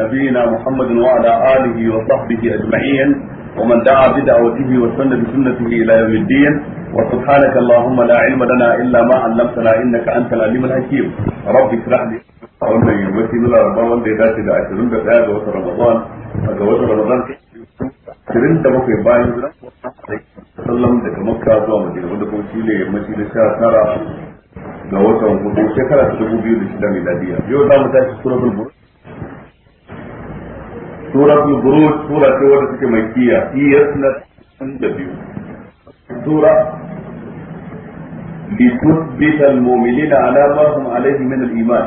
نبينا محمد وعلى آله وصحبه أجمعين ومن دعا بدعوته وسن بسنته إلى يوم الدين وسبحانك اللهم لا علم لنا إلا ما علمتنا إنك أنت العليم الحكيم رب اشرح لي wannan yammaci na laraba wanda ya dace da ashirin da ɗaya ga watan ramadan ga watan ramadan ashirin da bakwai bayan sallam daga makka zuwa na ga watan hudu shekara ta dubu biyu da shida miladiya yau za mu tashi suratul burj suratul buruj sura ce wanda suke mai kiya iyasna da biyu sura لتثبت المؤمنين على ما هم عليه من الإيمان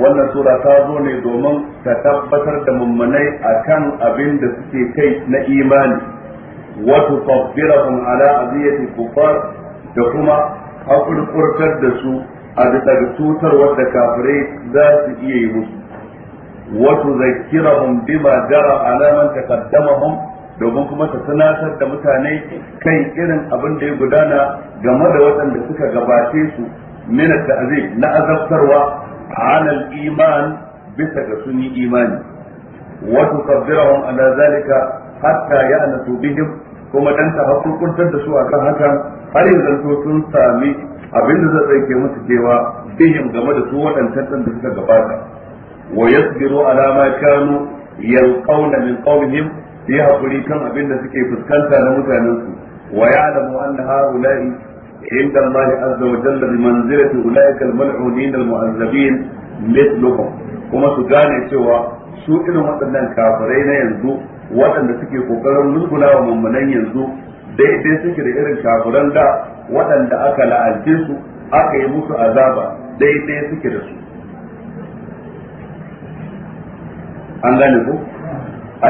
wannan sura ta zo ne domin ta tabbatar da mummunai akan abin da suke kai na imani wato tabbirahum ala aziyati kufar da kuma hakurkurtar da su a bisa ga cutar wadda kafirai za su iya yi musu وتذكرهم بما جرى على من تقدمهم domin kuma ta tunatar da mutane kai irin abin da ya gudana game da waɗanda suka gabace su min ta'zib na azabtarwa alal iman bisa ga suni imani wa tukabbirahum ala zalika hatta ya'natu bihim kuma dan ta hukuntar da su a kan hakan har yanzu sun sami abin da zai ke musu cewa bihim game da su waɗancan da suka gabata ويصبروا على ما كانوا يلقون من قومهم في هقولي كم أبن سكي فسكنتا نموتا ننسو ويعلم أن هؤلاء عند الله عز وجل بمنزلة أولئك الملعونين المعذبين مثلهم وما سجاني سوى su irin waɗannan kafirai na yanzu waɗanda suke kokarin ومن من ينزو dai dai suke da irin kafiran da waɗanda aka la'alce su aka yi musu azaba dai dai suke da su an gane ku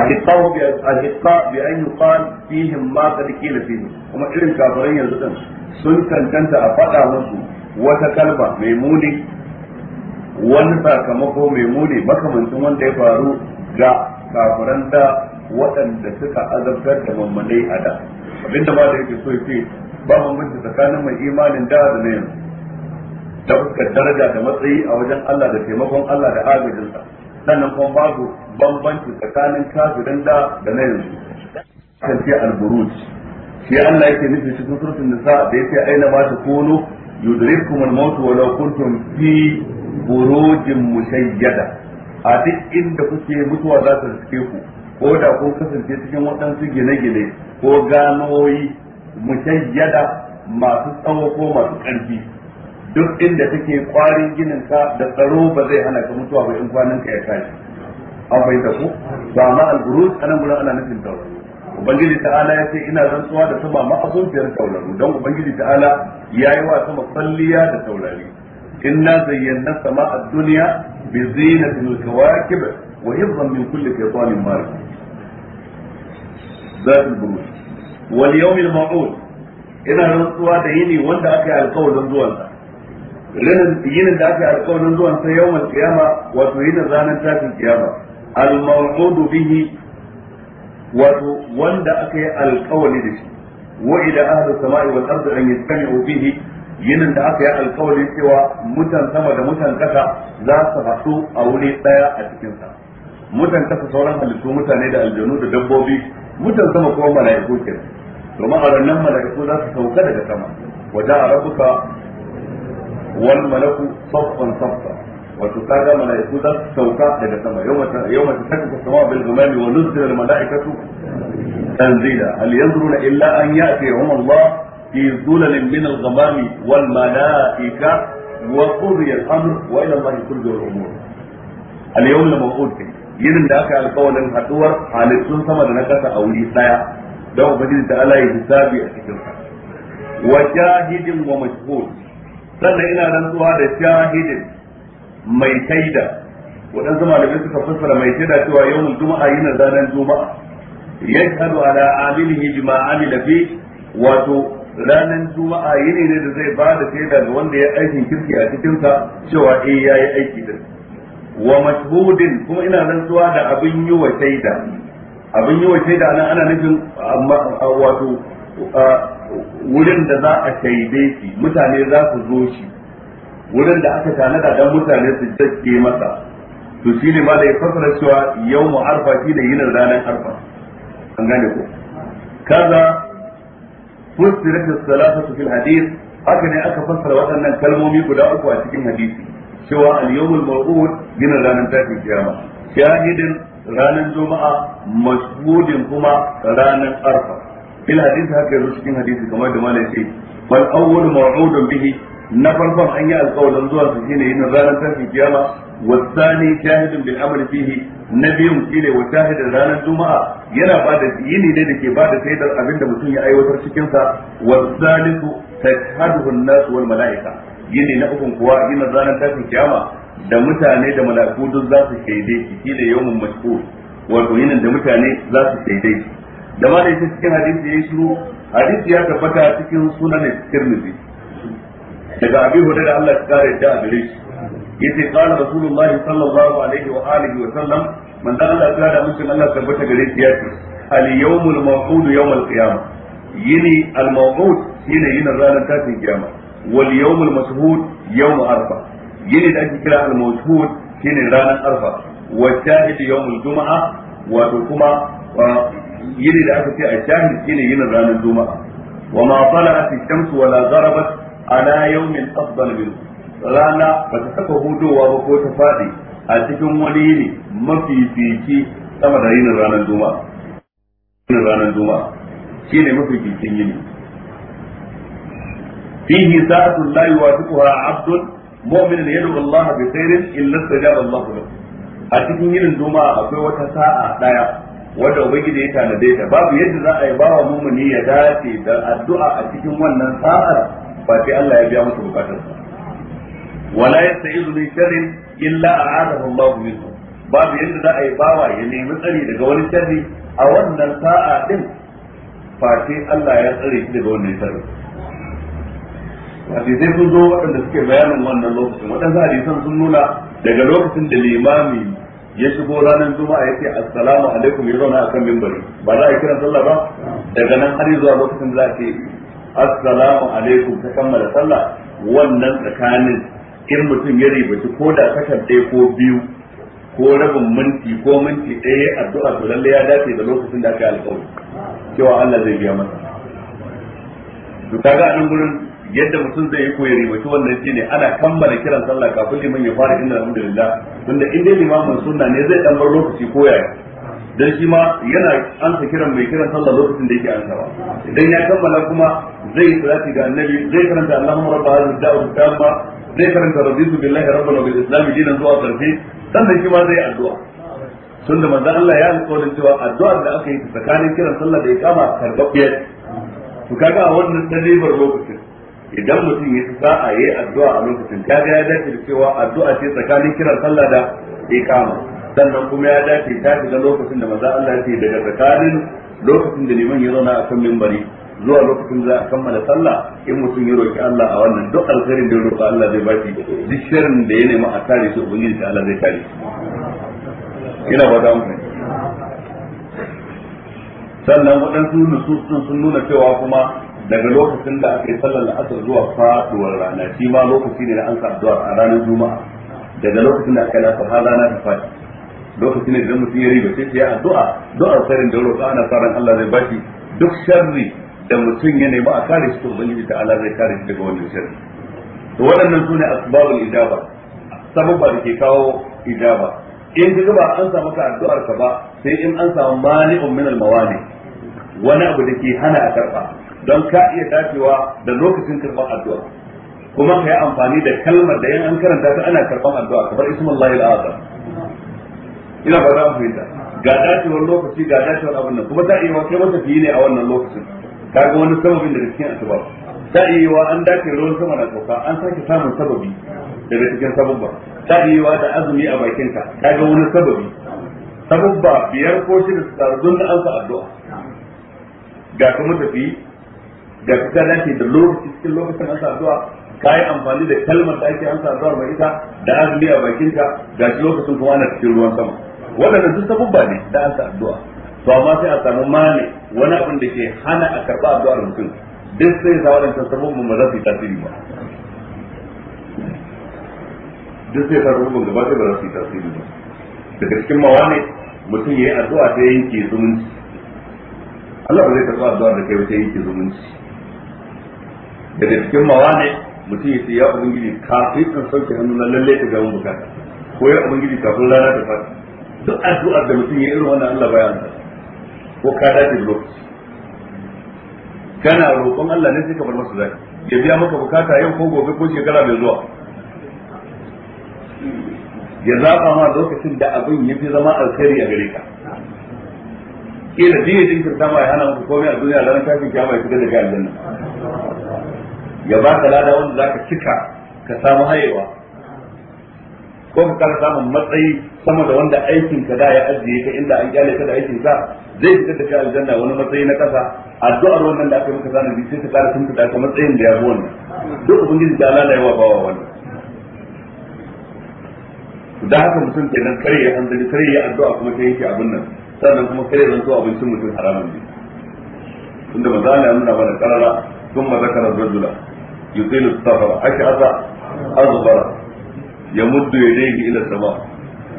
hitsawo a hitsa bi an fihim ma qad qila fihim kuma irin kafirai yanzu din sun tantanta a faɗa musu wata kalma mai muni wani sakamako mai muni makamancin wanda ya faru ga kafiran da waɗanda suka azabtar da mammalai a da abinda ma da yake so ya ce, ba bambanci tsakanin mai imanin da da na yanzu ta fuskar daraja da matsayi a wajen Allah da taimakon Allah da agajinsa sannan kuma babu bambanci tsakanin kafirin da da na yanzu kan ce al shi Allah yake nufi cikin da nisa da yake aina ba ta kono yudrikum al-maut wa law kuntum fi burujin mushayyada a duk inda kuke mutuwa za ta riske ku ko da kun kasance cikin waɗansu gine-gine ko ganoyi mushayyada masu tsawo ko masu ƙarfi duk inda take kwarin ginin ka da tsaro ba zai hana ka mutuwa ba in kwanan ka ya tashi an fahimta ku ba ma al-buruj anan gurin ana nufin tsaro ubangiji ta'ala ya ce ina rantsuwa da sama ma abokiyar tauraro don ubangiji ta'ala ya yi wa sama kwalliya da taurari inna zayyana sama a duniya bi zinatin al-kawakib wa hifzan min kulli shaytanin marid zatul buruj wal yawm al maud ina rantsuwa da yini wanda aka yi alƙawarin zuwansa yinin da aka yi alkawarin zuwan sa yawmal kiyama wato yinin ranar tashin kiyama al-maw'udu bihi wato wanda aka yi alƙawari da shi wa idan ahli samai wal ardi an yastami'u bihi yinin da aka yi alkawari cewa mutan sama da mutan ƙasa za su haɗu a wuri ɗaya a cikin sa mutan ƙasa sauran halittu mutane da aljanu da dabbobi mutan sama kuma mala'iku kenan domin a ranar mala'iku za su sauka daga sama wa da'a rabbuka wal malaku saffan saffa wato kaga malaiku za su sauka daga sama yawma tashaqqaqu as-sama'u bil ghamami wa nuzila al malaikatu tanzila hal yanzuruna illa an ya'tihum Allah fi zulalin min al ghamami wal malaika wa qudiya al wa ila Allah turja al umur al yawm al maw'ud yinin da aka yi haduwar halittun sama da na kasa a wuri daya don ubangiji ta ala yi a cikin sa wa sannan ina rantsuwa da shahidin mai taida. waɗansu malamai suka fassara mai taida cewa yawan juma'a yana zanen juma'a yashhadu ala amilihi bima amila fi wato ranar juma'a yini ne da zai ba da shaida ga wanda ya aikin kirki a cikinsa cewa eh yayi aiki din wa mashhudin kuma ina rantsuwa da abin yi wa taida abin yi wa taida nan ana nufin wato wurin da za a shaide shi mutane za su zo shi wurin da aka tanada dan mutane su jakke masa to shi ne ma da ya fasara cewa yau mu arfa shi da yinin ranar arfa an gane ko kaza fustirat as-salatu fi hadis haka ne aka fassara waɗannan kalmomi guda uku a cikin hadisi cewa al-yawmul maw'ud yinin ranar tafi kiyama shahidin ranar juma'a mashhudin kuma ranar arfa fil hadisi haka yanzu cikin hadisi kamar da malai ce bal awwal maw'udun bihi na farkon an yi zuwa su shine yin ranar tashin kiyama wasani shahidun bil amali fihi na biyun shine wa ranar juma'a yana ba da yini ne da ke ba da shaidar abinda mutum ya aiwatar cikin sa wasalisu tashhaduhu an-nas wal mala'ika yini na ukun kuwa yin ranar da mutane da malakudun za su shaide shi shine yawmun mashhur wato yinin da mutane za su shaide shi da ma da yake cikin hadisi yayi shiru hadisi ya tabbata cikin sunan Tirmidhi daga Abi da Allah ya kare da gare shi yace qala rasulullahi sallallahu alaihi wa alihi wa sallam man da Allah ya da mutum Allah tabbata gare shi yace al yawmul mawqud yawmul qiyamah yini al mawqud yini yin ranar tashin kiyama wal yawmul mashhud yawm arfa yini da ake kira al mashhud shine ranar arfa wa shahid yawmul juma'a wato kuma yini da aka ce a shahin shine yin ranar juma'a wa ma tala'at ash-shamsu wa la gharabat ala yawmin afdal min rana ba ta saka hudowa ba ko ta fadi a cikin wani yini mafi fiki sama da yin ranar juma'a yin ranar juma'a shine mafi fikin yini فيه ساعة لا يوافقها عبد مؤمن يدعو الله بخير إلا استجاب Allah له a cikin yinin juma'a akwai wata sa'a daya wanda ubangiji ya tanade ta babu yadda za a yi bawa mumuni ya dace da addu'a a cikin wannan sa'ar ba sai Allah ya biya musu bukatar sa wala yasta'izu min sharrin illa a'adahu Allah minhu babu yadda za a yi bawa ya nemi tsari daga wani sharri a wannan sa'a din ba sai Allah ya tsare shi daga wannan sharri hadisai sun zo waɗanda suke bayanin wannan lokacin waɗanda hadisan sun nuna daga lokacin da limami ya shigo ranar juma'a ya ce assalamu alaikum ya zauna akan mimbari ba za a kira sallah ba daga nan har zuwa lokacin za a ce assalamu alaikum ta kammala sallah wannan tsakanin in mutum ya ribaci ko da kashar ɗaya ko biyu ko rabin minti ko minti ɗaya addu'a to lalle ya dace da lokacin da aka yi alƙawari cewa Allah zai biya masa to kaga a nan gurin yadda mutum zai yi koyi ribaci wannan shi ne ana kammala kiran sallah kafin liman ya fara inna alhamdulillah tunda in dai limamin sunna ne zai dan bar lokaci koya dan shi ma yana ansa kiran mai kiran sallah lokacin da yake ansawa idan ya kammala kuma zai salati ga annabi zai karanta allahumma rabb hadhihi da'wati tamma zai karanta raditu billahi rabbana wa bil islam dinan zuwa karfi sannan shi ma zai addu'a tunda manzo Allah ya alƙawarin cewa addu'ar da aka yi tsakanin kiran sallah da iqama karbabbiyar to kaga a wannan tadibar lokacin idan mutum ya sa'a yi addu'a a lokacin ta ga ya dace da cewa addu'a ce tsakanin kiran sallah da iqama sannan kuma ya dace ta shiga lokacin da maza Allah ya ce daga tsakanin lokacin da liman ya zauna a kan minbari zuwa lokacin za a kammala sallah in mutum ya roki Allah a wannan duk alkhairin da ya roki Allah zai baki duk shirin da ya nema a tare shi ubangiji ta Allah zai tare ina ba da mutum sannan waɗansu nusus sun nuna cewa kuma daga lokacin da aka yi sallar la'asar zuwa faduwar rana shi ma lokaci ne na an sa a ranar juma'a daga lokacin da aka yi la'asar har rana ta fadi ne da idan mutum ya riba sai ya addu'a do'ar sarin da roƙa ana sa ran Allah zai bashi duk sharri da mutum ya nema a kare shi to ubangiji ta Allah zai kare shi daga wannan sharri to waɗannan sune asbabul ijaba sababa da ke kawo ijaba in ka ba an samu maka addu'ar ka ba sai in an samu mani'un min al-mawani wani abu da ke hana a karba don ka iya dacewa da lokacin karɓar addu'a kuma ka yi amfani da kalmar da yan an karanta ta ana karɓar addu'a kamar ismullahi al'azam ina ba za mu fahimta ga dacewar lokaci ga dacewar abin nan kuma ta iya wa kai mata fiye ne a wannan lokacin kaga wani sababin daga cikin asbab ta iya wa an dace ruwan sama na sauka an sake samun sababi daga cikin sababba ta iya wa da azumi a bakinka kaga wani sababi sababba biyar ko shida su taru don da an sa addu'a ga kuma tafi da ka dace da lokaci cikin lokacin an sa zuwa, ka yi amfani da kalmar da ake an sa mai ita da azumi a bakinka ga shi lokacin kuma ana cikin ruwan sama waɗannan duk sabubba ne da an sa addu'a to amma sai a samu mane wani abin da ke hana a karɓa addu'ar mutum duk sai ya sa waɗancan sabubban ba za su yi tasiri ba duk sai sa sabubban gaba sai ba za su yi tasiri ba daga cikin mawane mutum ya yi addu'a ta yanke zumunci Allah ba zai karɓa addu'ar da kai ba ta yanke zumunci daga cikin mawane mutum ya ce ya ubangiji kafin in sauke hannu na lalle ta gaban bukata ko ya ubangiji kafin rana ta fata duk addu'ar da mutum ya yi irin wannan Allah baya ta ko ka dace da lokaci kana roƙon Allah ne sai ka bar masa zaki ya biya maka bukata yau ko gobe ko shekara mai zuwa ya zaba ma lokacin da abin ya fi zama alkhairi a gare ka kila dinin jinkirta ma ya hana muku komai a duniya ranar tashin kiyama ya fitar da kai aljanna ya ba ka lada wanda za ka cika ka samu hayewa ko ka kara samun matsayi sama da wanda aikin ka da ya ajiye ka inda an kyale ka da aikin sa, zai fitar da kai aljanna wani matsayi na kasa addu'ar wannan da aka maka sanin bi sai ka kara tunta da ka matsayin da ya fi wannan duk ubangiji da Allah ya wa bawa wannan da haka mutum kenan kare ya hanzari kare ya addu'a kuma sai yake abin nan sannan kuma kare zan so abincin mutum haramun ne tunda maza Allah ya nuna mana karara ثم ذكر الرجل yuqilu safara ash'asa azbara yamuddu yadayhi ila sama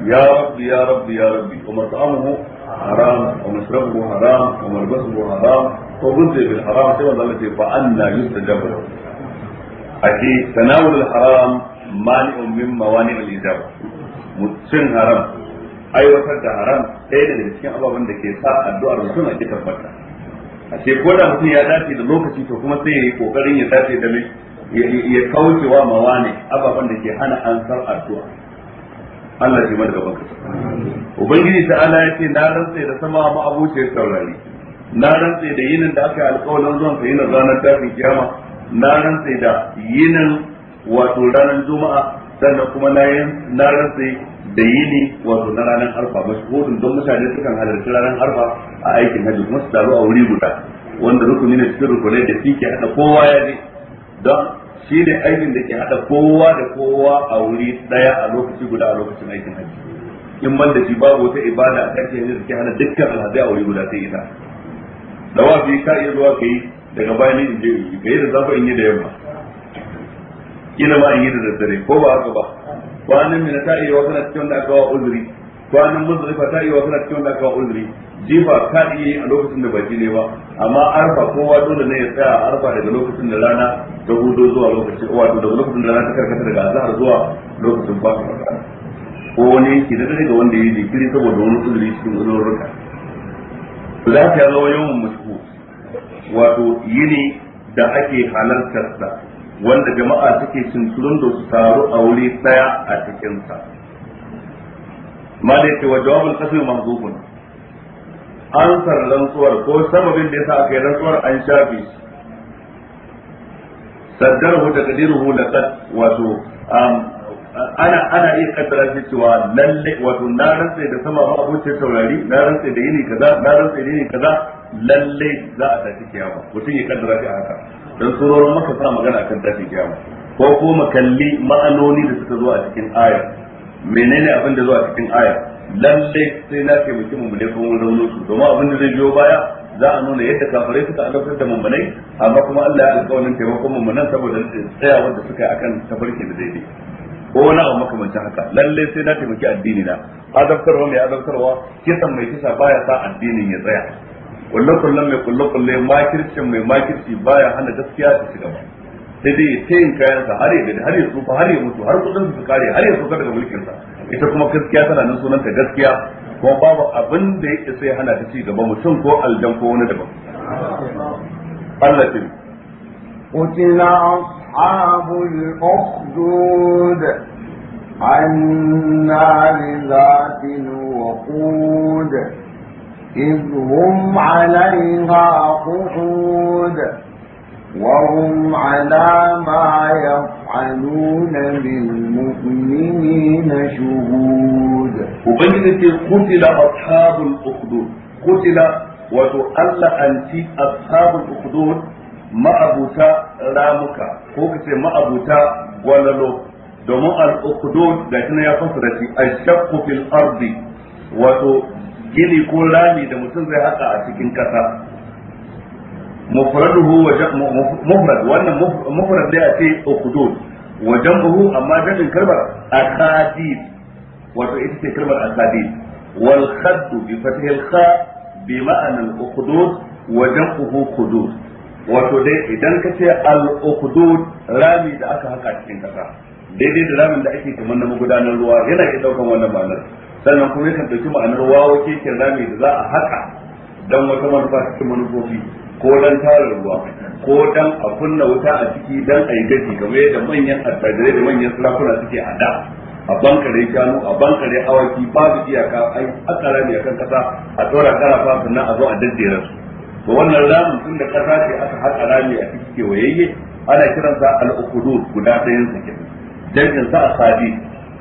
ya rabbi ya rabbi ya rabbi wa mat'amuhu haram wa mashrabuhu haram wa malbasuhu haram wa ghudhiya bil haram sai wanda Allah ya fa anna yustajabu lahu ashe tanawul al haram mani'un min mawani' al ijaba mutsin haram aiwatar da haram ɗaya daga cikin ababen da ke sa addu'ar mutum a ki tabbata a ce ko da mutum ya dace da lokaci to kuma sai ya yi kokarin ya dace da mai ya kauce wa mawane ababen da ke hana ansar addu'a Allah ce mada gaban kasa ubangiji ta ala ya ce na rantse da sama ma abuce saurari na rantsa da yinin da aka yi alƙawarin zuwan sa na ranar tafin kiyama na rantse da yinin wato ranar juma'a sannan kuma na na rantsi da yini wato na ranar arfa hudun don mutane sukan halarci ranar arfa a aikin hajji kuma su taru a wuri guda wanda rukuni ne cikin rukunai da shi ke hada kowa ya je don shi ne aikin da ke hada kowa da kowa a wuri daya a lokaci guda a lokacin aikin hajji in ban da shi babu wata ibada a ƙarshe ne da ke hana dukkan alhazai a wuri guda sai ita da wafi ka iya zuwa ka yi daga bayan in je ka yi da zafi in yi da yamma kila ba yi da daddare ko ba haka ba kwanan mina ta iya wasu na cikin da aka wa uzuri kwanan muzdalifa ta iya wasu na cikin da aka wa uzuri jifa ta iya yi a lokacin da baki ne ba amma arfa kowa dole ne ya tsaya a arfa daga lokacin da rana ta hudo zuwa lokacin wato daga lokacin da rana ta karkata daga azahar zuwa lokacin ba ko wani yanki da daga wanda ya yi jikiri saboda wani uzuri cikin uzurruka za ka zama yawan mashku wato yini da ake halartar sa wanda jama'a suke cinturun da su taru a wuri daya a cikin sa ma da yake wa jawabul qasr mahzufun ansar rantsuwar ko sababin da yasa aka yi rantsuwar an shafi saddarhu da qadiruhu laqad wato ana ana iya kaddara shi cewa lalle wato na rantsa da sama ma ce taurari na rantsa da yini kaza na rantsa da yini kaza lalle za a tafi kiyama mutum ya kaddara shi a haka dan surorin maka sa magana akan tafi kiyama ko kuma kalli ma'anoni da suka zo a cikin aya menene abin da zo a cikin aya lalle sai na ke mutum mun ne ko mun rauno su domin abin da zai biyo baya za a nuna yadda kafirai suka azabtar da bane amma kuma Allah ya alƙawarin taimakon nan saboda tsaya wanda suka yi akan tafarki da daidai ko wani abu makamancin haka lalle sai na taimaki addini na azabtarwa mai azabtarwa kisan mai kisa baya sa addinin ya tsaya kullum kullum mai kullum kullu makircin mai makirci baya hana gaskiya ta shiga ba sai dai ta yin kayan sa har ya har ya tsufa har ya mutu har kudin su kare har ya tsufa daga mulkin sa ita kuma gaskiya tana nan sunan ta gaskiya kuma babu abin da yake sai hana ta ci gaba mutum ko aljan ko wani daban Allah ce قتل أصحاب الأخدود النار wa qud إذ هم عليها قعود وهم على ما يفعلون بالمؤمنين شهود وبين قتل أصحاب الأخدود قتل وتؤلى أنت أصحاب الأخدود ما أبوتا رامكا قلت ما أبوتا وللو دموع الأخدود لكن يا فصرتي الشق في الأرض وتو gini ko rami da mutum zai haka a cikin kasa mufraduhu wa mufrad wannan mufrad dai a ce ukhdud wa jam'uhu amma jam'in kalmar akadid wato ita ce kalmar akadid wal khadd bi fathil kha bi ma'ana al ukhdud wa jam'uhu khudud wato dai idan ka ce al ukudud rami da aka haka cikin kasa daidai da ramin da ake kamar na magudanar ruwa yana iya daukan wannan ma'anar sannan kuma yakan dauki ma'anar wawo keken rami da za a haka don wata manufa cikin manufofi ko dan tara ruwa ko dan a kunna wuta a ciki dan a yi gaji game da manyan attajirai da manyan sarakuna suke a da a bankare shanu a bankare awaki babu iyaka ai akara ne kan kasa a tsora karafa sannan a zo a daddera su to wannan ramin tun da kasa ce aka haƙa rami a ciki kewayayye ana kiransa al-ukhdud guda ɗayan sakin dangin sa a sadi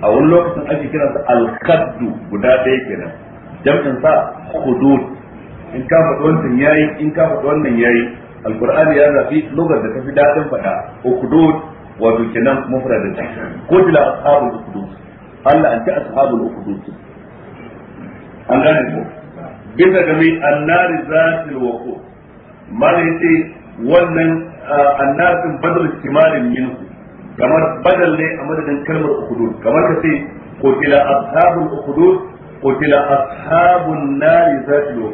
a wani lokacin ake kiransa alkaddu guda ɗaya kenan jam'in sa hudud in ka faɗi wannan yayi in ka faɗi wannan yayi alqur'ani ya zafi lugar da tafi dadin faɗa hudud wato kenan mufradin ta kutila ashabul hudud Allah an ta ashabul hudud an gane ko bisa ga mai annar zatil waqu mal yace wannan ah, annar badal kimalin minhu kamar badal ne a madadin kalmar ukhdud kamar ka ce qutila ashabul ukhdud qutila ashabun nari za su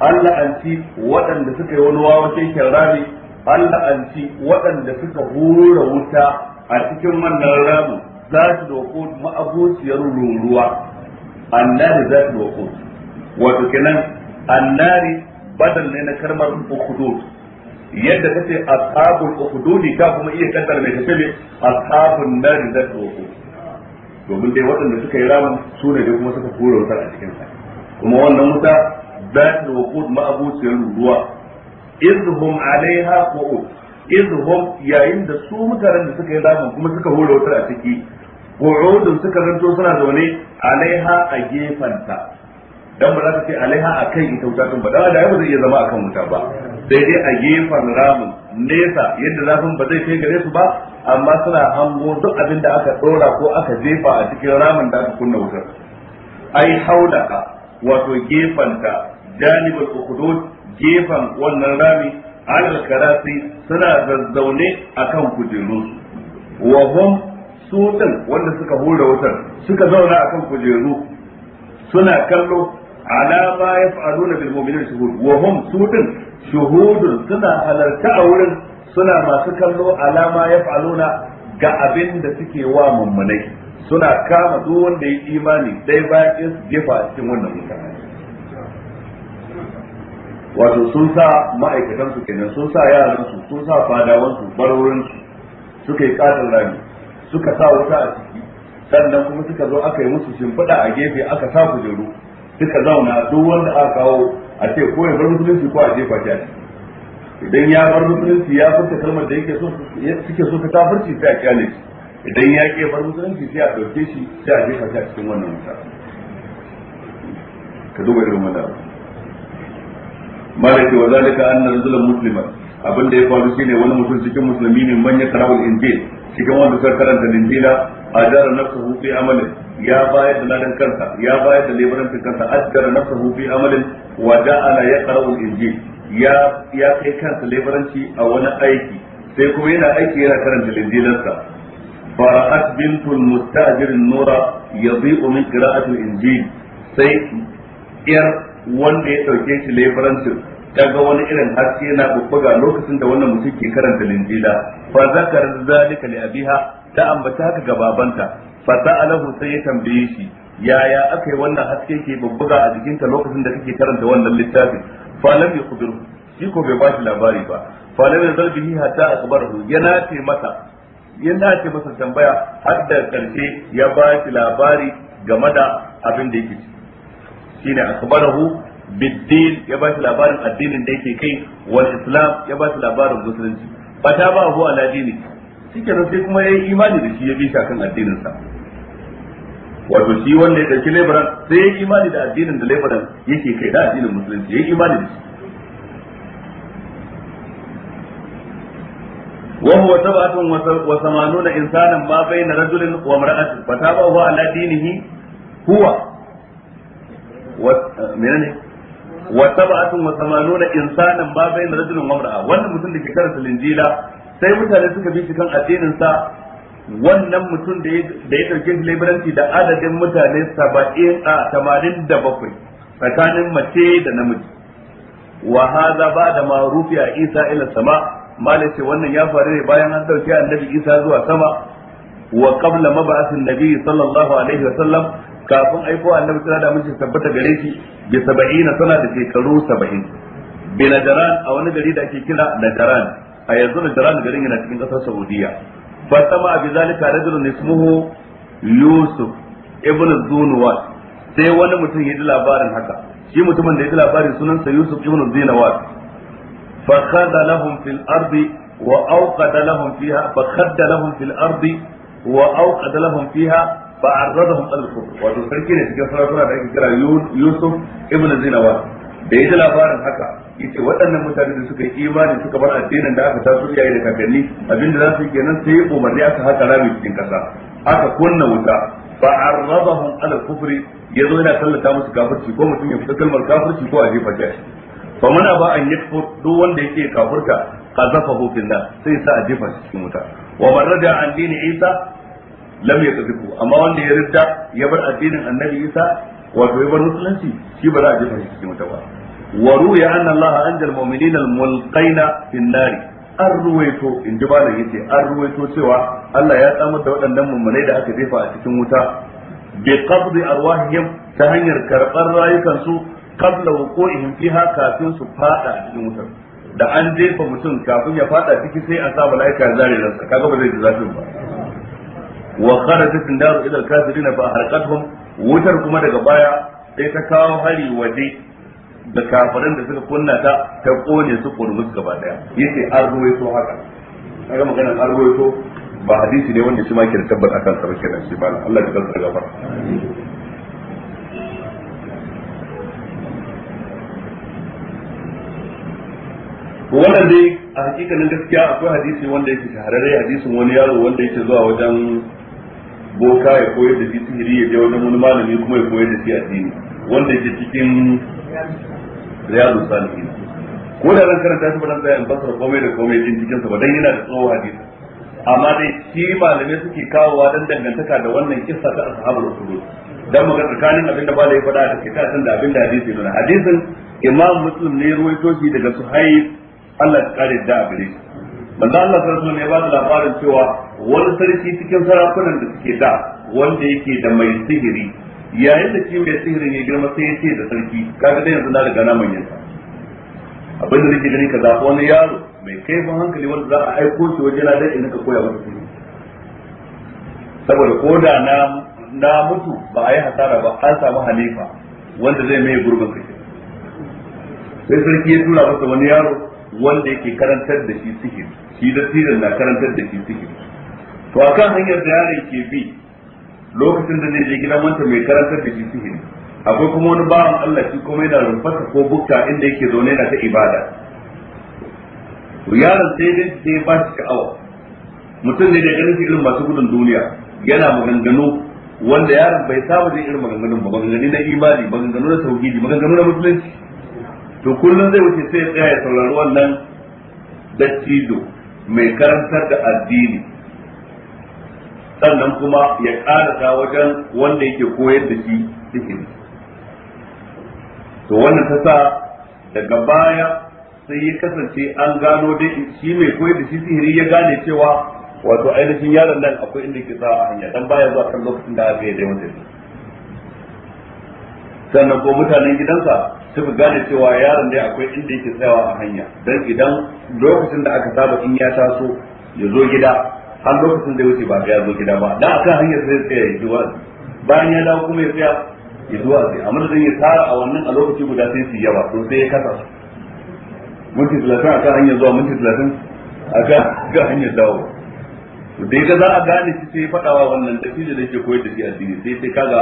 Allah an la'anci waɗanda suka yi wani wawa sai kirari Allah an la'anci waɗanda suka hura wuta a cikin wannan ramu zatil wuqud ma'abuciyar ruruwa annari zatil wuqud wato kenan annari badal ne na kalmar ukhdud yadda ta ce ashabul ukhdudi ta kuma iya kantar mai tafi ne ashabun nari da domin dai waɗanda suka yi ramin su ne dai kuma suka kura wutar a cikin sa kuma wannan wuta da tsoko ma'abuciyar ruwa izhum alaiha qu'ud izhum yayin da su mutanen da suka yi ramin kuma suka hura wutar a ciki qu'udun suka zanto suna zaune alaiha a gefanta dan ba za ta ce alaiha akan ita wuta tun ba da ba zai iya zama akan wuta ba sai dai a gefen ramin nesa yadda zafin ba zai kai gare su ba amma suna hango duk abin da aka ɗora ko aka jefa a cikin ramin da aka kunna wutar ai haulaka wato gefenta janibul ukhdud gefen wannan rami alal karasi suna zazzaune akan kujeru wa hum sutan wanda suka hura wutar suka zauna akan kujeru suna kallo ala ma yaf'aluna bil mu'minina shuhud wa hum sutan shuhudun suna halarta a wurin suna masu kallo alama ya faluna ga abin da suke wa mummunai suna kama duk wanda ya imani dai bayan ɗaya su jefa a cikin wannan wuta wato sun sa ma'aikatan su kenan sun sa yaran su sun sa fadawan su barorin su suka yi katin rami suka sa wuta a ciki sannan kuma suka zo aka yi musu shimfiɗa a gefe aka sa kujeru suka zauna duk wanda aka kawo a ce ko ya bar musulunci ko a jefa shi a idan ya bar musulunci ya furta kalmar da yake so suke so ta kafirci sai a kyale shi idan ya ke bar musulunci sai a dauke shi sai a jefa shi a cikin wannan mutum ka duba irin wannan abu malaki wa zalika anna rajulan musliman abin da ya faru shine wani mutum cikin musulmi ne man ya injil cikin wanda suka karanta a ajara nafsuhu fi amalin ya bayar da ladan kansa ya bayar da lebarantin kansa addara nafsahu fi amalin wa da'ala yaqra'u al-injil ya ya kai kansa lebaranci a wani aiki sai kuma yana aiki yana karanta linjilansa fara'at bintul mustajir nura yadhi'u min qira'ati al-injil sai yar wanda ya dauke shi lebarancin daga wani irin haske yana bubbuga lokacin da wannan mutum ke karanta linjila fa zakar zalika li abiha ta ambata haka ga babanta fa sa'alahu sai ya tambaye shi yaya aka yi wannan haske ke bubbuga a jikin ta lokacin da kake karanta wannan littafin fa lam yukhbiru shi ko bai bashi labari ba fa lam yazal bihi hatta akbarahu yana ce masa yana ce masa tambaya har da karshe ya bashi labari game da abin da yake shine akbarahu biddin ya bashi labarin addinin da yake kai wal islam ya bashi labarin musulunci fata ba hu aladini shike sai kuma ya yi imani da shi ya bi shakan addinin sa wato shi wanda ya dauki lebaran sai ya yi imani da addinin da lebaran yake kai da addinin musulunci ya yi imani da shi wa huwa sab'atun wa samanuna insanan ma bayna rajulin wa mar'atin fa tabahu ala dinihi huwa menene wa sab'atun wa samanuna insanan ma bayna rajulin wa mar'a wannan mutum da ke karanta linjila sai mutane suka bi cikin addinin sa wannan mutum da ya ɗauke shi da adadin mutane saba'in a tamanin da bakwai tsakanin mace da namiji wa haza ba da ma a isa ila sama malai ce wannan ya faru ne bayan an dauke annabi isa zuwa sama wa qabla mab'athin nabi sallallahu alaihi wa sallam kafin aiko annabi sai da wasallam tabbata gare shi bi 70 sana da shekaru 70 bi najaran a wani gari da ake kira najaran a yanzu jiran garin yana cikin kasar saudiya fa sama bi zalika rajulun ismuhu yusuf ibn zunwat sai wani mutum ya ji labarin haka shi mutumin da ya ji labarin sunansa yusuf ibn zinawat fa khada lahum fil ardi wa awqada lahum fiha fa khadda lahum fil ardi wa awqada lahum fiha fa arradahum al kufr wato sarki ne cikin sarakuna da ake kira yusuf ibn zinawat da ya ji labarin haka yace waɗannan mutane da suka yi imani suka bar addinin da aka taso iyaye da kakanni abinda za su yi kenan sai umarni aka haka rami cikin kasa aka kunna wuta fa arrabahum ala kufri yazo yana sallata musu kafirci ko mutum ya fita kalmar kafirci ko a jefa shi fa mana ba an yakfur duk wanda yake kafirta qazafahu billah sai sa a jefa shi cikin wuta wa man raja an dini isa lam yakzifu amma wanda ya ridda ya bar addinin annabi isa wato ya bar musulunci shi ba za a jefa shi cikin wuta ba wa ruya anna Allah anjal mu'minina al an ruwaito in ji malam yace an ruwaito cewa Allah ya tsamar da waɗannan mummunai da aka jefa a cikin wuta bi qabdi arwahihim ta hanyar karɓar rayukansu qabla wuqu'ihim fiha kafin su fada a cikin wutar da an jefa mutum kafin ya fada ciki sai an sa malaika ya zare ransa kaga ba zai ji zafin ba wa kharajat an-nar ila al-kafirin fa harqatuhum wutar kuma daga baya sai ta kawo hari waje da kafirin da suka kunna ta ta kone su kurmus gaba daya yace an ruwaito haka kaga magana an ruwaito ba hadisi ne wanda shi ma ke da tabbata akan sa bakin shi ba Allah ya tsare gaba wannan dai a hakikanin gaskiya akwai hadisi wanda yake shahararre hadisin wani yaro wanda yake zuwa wajen boka ya koyar da shi sihiri ya je wajen wani malami kuma ya koyar da shi addini wanda yake cikin riyadu salihin ko da ran karanta shi ba zan tsaya komai da komai din cikin sa ba dan yana da tsohon hadisi amma dai shi malamai suke kawowa dan dangantaka da wannan kissa ta ashabul rasul dan mu ga tsakanin abin da malai faɗa da kita san da abin da hadisi nuna hadisin imam muslim ne ruwaito shi daga suhaib Allah ya kare da abin manzo Allah sallallahu alaihi wasallam ya ba da labarin cewa wani sarki cikin sarakunan da suke da wanda yake da mai sihiri yayin da kiwo ya sihirin ya girma sai ya ce da sarki kaga dai yanzu na riga na manyan sa abin da nake gani ka zaɓi wani yaro mai kaifin hankali wanda za a aiko shi waje na dai in ka koya masa sihiri saboda ko da na na mutu ba a yi hasara ba an samu halifa wanda zai mai gurbin kai sai sarki ya tura masa wani yaro wanda yake karantar da shi sihiri shi da sihirin na karantar da shi sihiri to akan hanyar da yaron ke bi lokacin da zai je gidan wancan mai karantar da shi sihiri akwai kuma wani bawan Allah shi kuma yana rumfasa ko bukta inda yake zaune yana ta ibada yaron sai dai sai ba shi sha'awa mutum ne da ganin irin masu gudun duniya yana maganganu wanda yaron bai saba da irin maganganun ba maganganu na imani maganganu na tauhidi maganganu na musulunci to kullum zai wuce sai ya tsaya ya saurari wannan dattijo mai karantar da addini sannan kuma ya karata wajen wanda yake koyar da shi sihiri to wannan ta sa daga baya sai ya kasance an gano dai shi mai koyar da shi sihiri ya gane cewa wato ainihin yaron nan akwai inda ke sa a hanya dan baya zuwa kan lokacin da aka yi da mutane sannan ko mutanen gidansa suka gane cewa yaron dai akwai inda yake tsayawa a hanya dan idan lokacin da aka saba in ya taso ya zo gida har lokacin da wuce ba ga ya zo gida ba da akan hanyar sai tsaya ya zuwa bayan ya dawo kuma ya tsaya ya zuwa sai amma da zai tsara a wannan a lokaci guda sai su yawa to sai ya kasa mutum minti a kan hanyar zuwa minti talatin akan ga hanyar dawo to dai ga za a gane shi sai faɗawa wannan tafiya da ke koyar da shi cikin sai sai kaga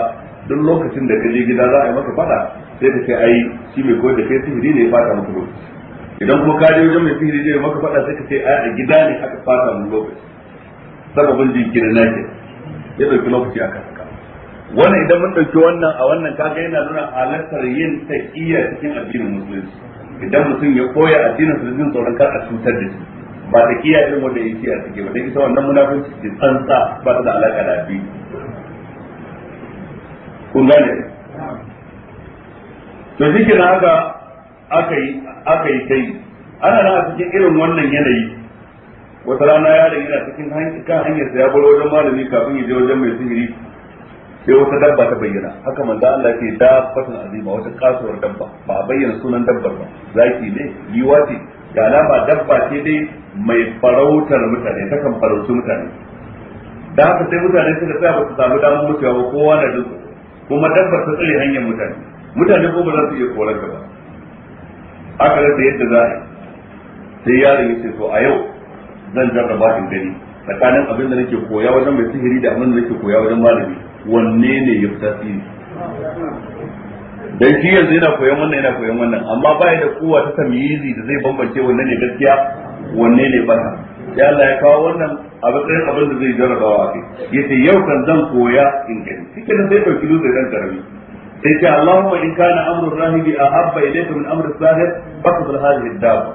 duk lokacin da ka je gida za a yi maka faɗa sai ka ce ai shi mai koyar da kai sihiri ne ya fata maka lokaci idan kuma ka je wajen mai sihiri zai maka faɗa sai ka ce ai a gida ne aka fata mun lokaci sababin na ke, ya dauki lokaci aka saka Wani idan mun dauki wannan a wannan kaga yana nuna halartar yin taqiyya cikin addinin musulunci idan mutum ya koya addinin su jin tsoron kar a cutar da shi ba ta taqiyya irin wanda ya a suke ba dan ita wannan munafici ke tsantsa ba ta da alaƙa da addini kun gane to shi haka aka yi aka yi kai ana nan a cikin irin wannan yanayi wata rana ya yana cikin kan hanyar ya bar wajen malami kafin ya je wajen mai sihiri sai wata dabba ta bayyana haka manzo Allah da fatan azima wata kasuwar dabba ba a bayyana sunan dabbar ba zaki ne yiwa ce da alama dabba ce dai mai farautar mutane ta kan farautu mutane da haka sai mutane suka tsaya ba su samu damar mutuwa ba kowa na jin kuma dabbar ta tsare hanyar mutane mutane ko ba za su iya korar ba aka rasa yadda za a yi sai yaron ya ce to a yau zan jarraba in gani tsakanin abin da nake koya wajen mai sihiri da abin da nake koya wajen malami wanne ne ya fi tasiri dan shi yanzu yana koyon wannan yana koyon wannan amma ba da kowa ta tamyizi da zai bambance wannan ne gaskiya wanne ne ba? ya Allah ya kawo wannan a matsayin abin da zai jarrabawa a kai ce yau kan zan koya in gani cikin da sai dauki dutse dan karami sai ce Allahumma in kana amru rahibi ahabba ilayka min amri sahib faqbal hadhihi ad-da'wa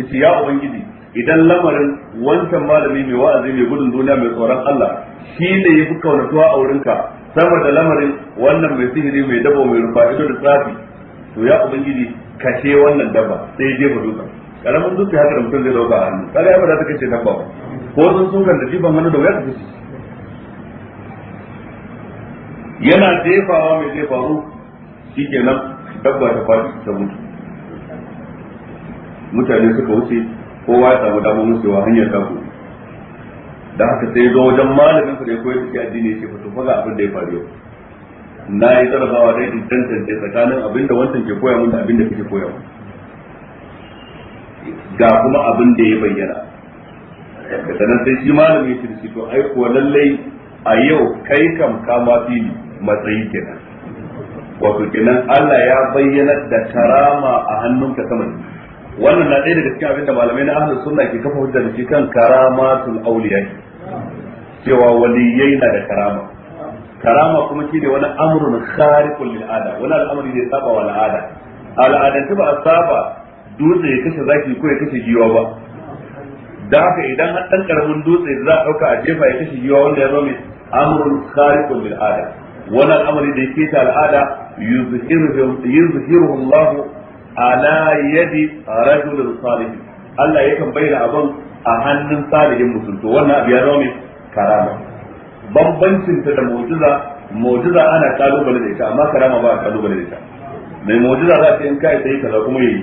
yace ya ubangiji idan lamarin wancan malami mai wa'azi mai gudun duniya mai tsoron Allah shi ne yafi kaunatuwa a wurinka sama da lamarin wannan mai sihiri mai dabo mai rufa ido da tsafi to ya ubangiji kashe wannan daba sai je ba duka karamin dutse haka da mutum zai dauka a hannu kaga ya ba za ta kace dabba ba ko sun kan da jiban hannu da wayar kace yana jefawa mai zai faru shikenan dabba ta faɗi ta mutu mutane suka wuce kowa ya samu damar wucewa hanyar taku da haka sai zo wajen malamin su da ya koyar da addini ke fito faga abin da ya faru yau na yi jarabawa dai in tantance tsakanin abin da wancan ke koya mun da abin da kake koya mun ga kuma abin da ya bayyana da nan sai shi malamin ya shirki to ai kuwa lallai a yau kai kam kama fili matsayi kenan wato kenan Allah ya bayyana da karama a hannunka sama da wannan na ɗaya daga cikin abinda malamai na ahlus sunna ke kafa hujja da shi kan karamatul awliya cewa waliyai na da karama karama kuma shi ne wani amrun khariqul lil ada wani al'amari ne saba wa al'ada al'adance ba a saba dutse ya kashe zaki ko ya kashe giwa ba da haka idan har dan karamin dutse za a dauka a jefa ya kashe giwa wanda ya zo mai amrun khariqul lil ada wani al'amari da yake ta al'ada yuzhiruhu yuzhiruhu Allah ala yadi rajulin salihin Allah yakan bayyana abin a hannun salihin mutum to wannan abu ya zama mai karama bambancin ta da mu'jiza mu'jiza ana kalubale da ita amma karama ba a kalubale da ita mai mu'jiza za ta in kai sai kaza kuma yi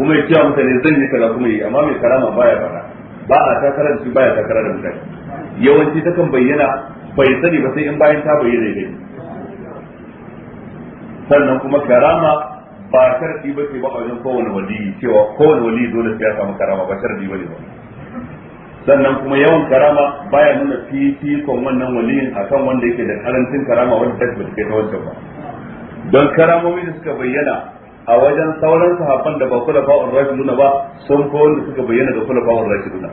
kuma ya a mutane zan yi kaza kuma yi amma mai karama baya fara ba a da shi baya takara da mutane yawanci ta kan bayyana bai sani ba sai in bayan ta bayyana dai sannan kuma karama ba sharadi ba ce ba a wajen kowane wali cewa kowane wali dole sai ya samu karama ba sharadi ba ne ba sannan kuma yawan karama baya nuna fifikon wannan waliyin akan wanda yake da karancin karama wanda ta ba ta wancan ba don karamomi da suka bayyana a wajen sauran sahabban da ba kula rashi rashiduna ba sun ko wanda suka bayyana ga kula rashi rashiduna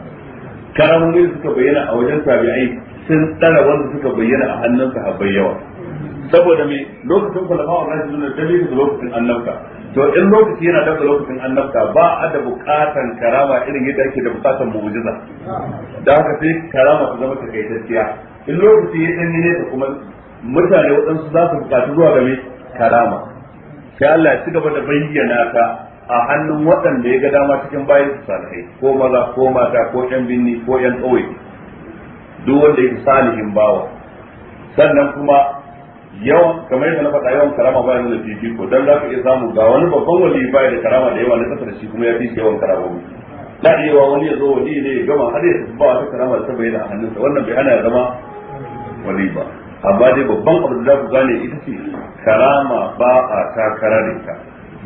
karamomi da suka bayyana a wajen tabi'ai sun tsara wanda suka bayyana a hannun sahabbai yawa saboda me lokacin kulama wa rashi da dalilin lokacin annabta to in lokaci yana daga lokacin annabta ba a da bukatan karama irin yadda ake da bukatan mu'jiza da haka sai karama ta zama takaitacciya in lokaci ya danne ne da kuma mutane waɗansu za su bukaci zuwa game karama sai Allah ya ci gaba da bayyana ta a hannun waɗanda ya ga dama cikin bayan su salihai ko maza ko mata ko 'yan binni ko ƴan ƙauye duk wanda fi salihin bawa sannan kuma yawan kamar yadda na faɗa yawan karama baya nuna ko dan za ka iya samu ga wani babban wali baya da karama da yawa na kasa da shi kuma ya fi yawan Na da yawa wani ya zo wali ne ya gama har ya ba wata karama da ta bayyana a hannunsa wannan bai ana zama wali ba amma dai babban abu da za ku gane ita ce karama ba a takara da ita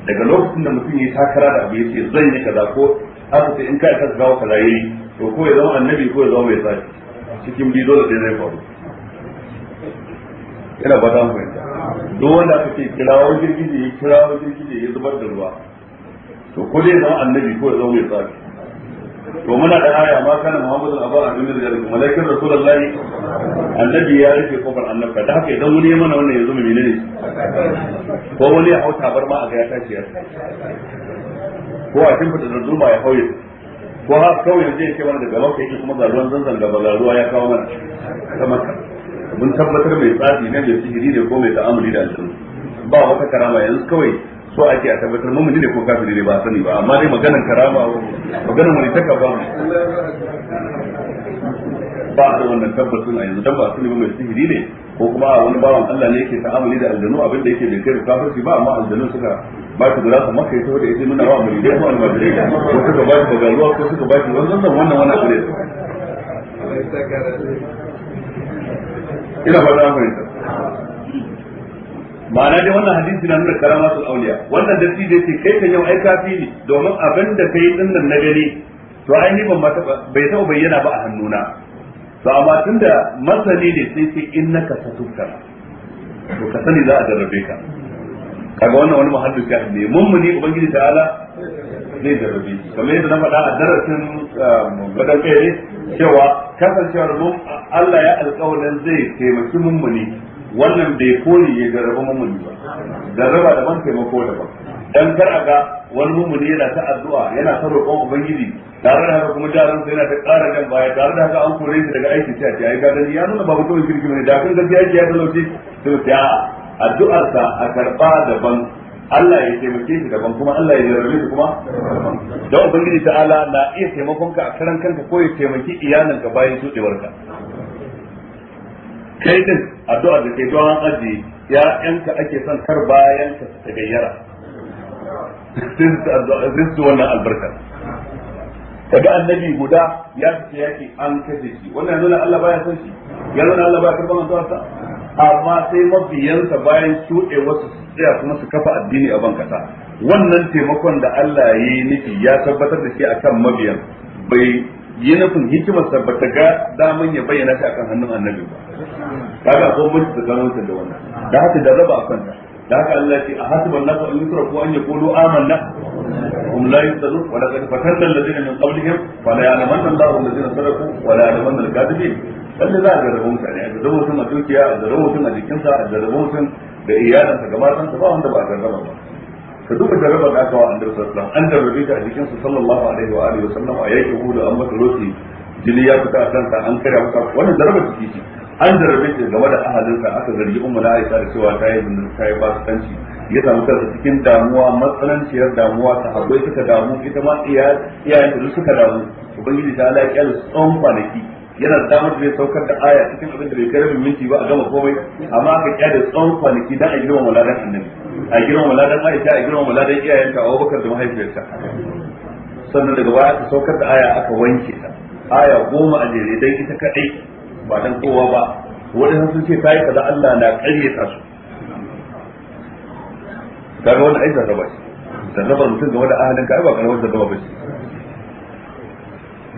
daga lokacin da mutum ya takara da abu ya ce zan yi kaza ko aka ce in ka ka gawo kaza yayi to ko ya zama annabi ko ya zama mai sa cikin biyu dole sai zai faru ina ba ta fahimta duk wanda aka ce kirawo girgije ya kirawo girgije ya zubar da ruwa to ko dai zama annabi ko ya zama mai tsafi to muna da aya ma kana muhammadu abba a dunin da malaikin rasulullahi annabi ya rufe kofar annabka da haka idan wani ya mana wannan ya zama menene ko wani ya hau tabar ma a ga ya tashi ya ko a fita shimfiɗa zarduma ya hauye ko ha kawai yanzu ya ce wani daga maka yake kuma ga ruwan zanzan gaba ga ruwa ya kawo mana ta maka mun tabbatar mai tsafi ne mai sihiri ne ko mai ta'amuli da aljanna ba wata karama yanzu kawai so ake a tabbatar mumuni ne ko kafiri ne ba sani ba amma dai maganar karama maganar wani ta ba mu ba a da wannan tabbacin a yanzu dan ba sani ba mai sihiri ne ko kuma wani bawan Allah ne yake ta'amuli da aljanu abin da yake da kai kafirci ba amma aljanu suka ba su gura su maka yato da yake nuna wa ne ko almajirai ko suka ba su bagaruwa ko suka ba su wannan wannan wannan abu ne ina ba na mu ma'ana dai wannan hadisi na nuna karama su auliya wannan datti da ce kai kan yau ai kafi ne domin abin da kai din nan na gani to ai ban bai taɓa bayyana ba a hannuna to amma da masani ne sai ce innaka satubta to ka sani za a jarrabe ka kaga wannan wani muhaddis ya ne mummuni ubangiji ta'ala zai da shi kamar yadda na faɗa a darasin uh, gadon kai ne cewa da mu Allah ya alƙawarin zai taimaki mummuni wannan bai kore ya jarraba mummuni ba jarraba daban taimako daban dan kar a ga wani mummuni yana ta addu'a yana ta roƙon ubangiji tare da haka kuma jaran sai yana ta ƙara jan baya tare da haka an kore shi daga aiki sai a ce ai ya nuna ba mutum kirki ne da kan gaskiya ya talauce to ya addu'arsa a karba daban Allah ya taimake shi daban kuma Allah ya jarrabe shi kuma don ubangiji ta'ala na iya taimakon ka a karan kanka ko ya taimaki ka bayan ka kai din addu'a da kai don aji ya yanka ake son kar bayan ka ta gayyara su wannan albarkar kaga annabi guda ya fice yaki an kaje shi wannan nuna Allah baya son shi ya nuna Allah baya karban addu'a amma sai mabiyansa bayan shuɗe wasu su tsaya kuma su kafa addini a bankasa wannan taimakon da Allah ya yi nufi ya tabbatar da shi a kan mabiyan bai yi nufin hikimarsa ba ta ga daman ya bayyana shi a kan hannun annabi ba kaga akwai ta da gano da wannan da haka da raba a kanta da haka Allah ya ce a hasiban nasu an ko an yaqulu amanna هم لا يفتنون ولقد فتنا الذين من قبلهم فلا يعلمن الله الذين صدقوا ولا يعلمن الكاذبين lalle za a jarraba mutane a jarraba mutum a dukiya a jarraba mutum a jikinsa a jarraba mutum da iyalansa ga matansa ba wanda ba a jarraba ba ka duba jarraba da aka wa annabi sallallahu an jarrabe ta a jikinsa sallallahu alaihi wa alihi wasallam a yake hudu an masa rosi jini ya fita a kansa an karya masa wannan jarraba ta kici an jarrabe ta game da ahalinsa aka zargi ummu na aisha da cewa ta yi bindin ta yi fasikanci ya samu kansa cikin damuwa matsananciyar damuwa ta haɓai suka damu ita ma iyayen da suka damu ubangiji ta ala ya kyale tsawon kwanaki yana da damar da zai saukar da aya cikin abin da bai kai rabin minti ba a gama komai amma aka kyale tsawon kwanaki dan a girma maladan annabi a girma maladan aisha a girma maladan iyayenta a wabakar da mahaifiyarta sannan daga baya aka saukar da aya aka wanke ta aya goma a jere dan ita kadai ba dan kowa ba waɗansu sun ce ta yi kaza Allah na ƙaryata su kaga wannan aisha ta ba shi da mutum game da ahalin ka ai ba karamar da ba ba shi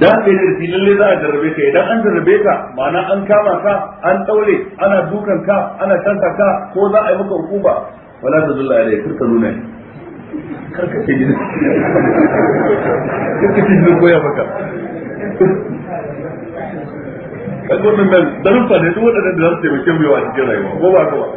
da haka yace shi lalle za a jarrabe ka idan an jarrabe ka ma'ana an kama ka an daure ana dukan ka ana tanta ka ko za a yi maka hukuma wala ta zulla alai karka nuna ne karka gidan ni ya ce ni koya maka da wannan darussa ne duk waɗannan da za su taimake mu yawa cikin rayuwa ko ba ka ba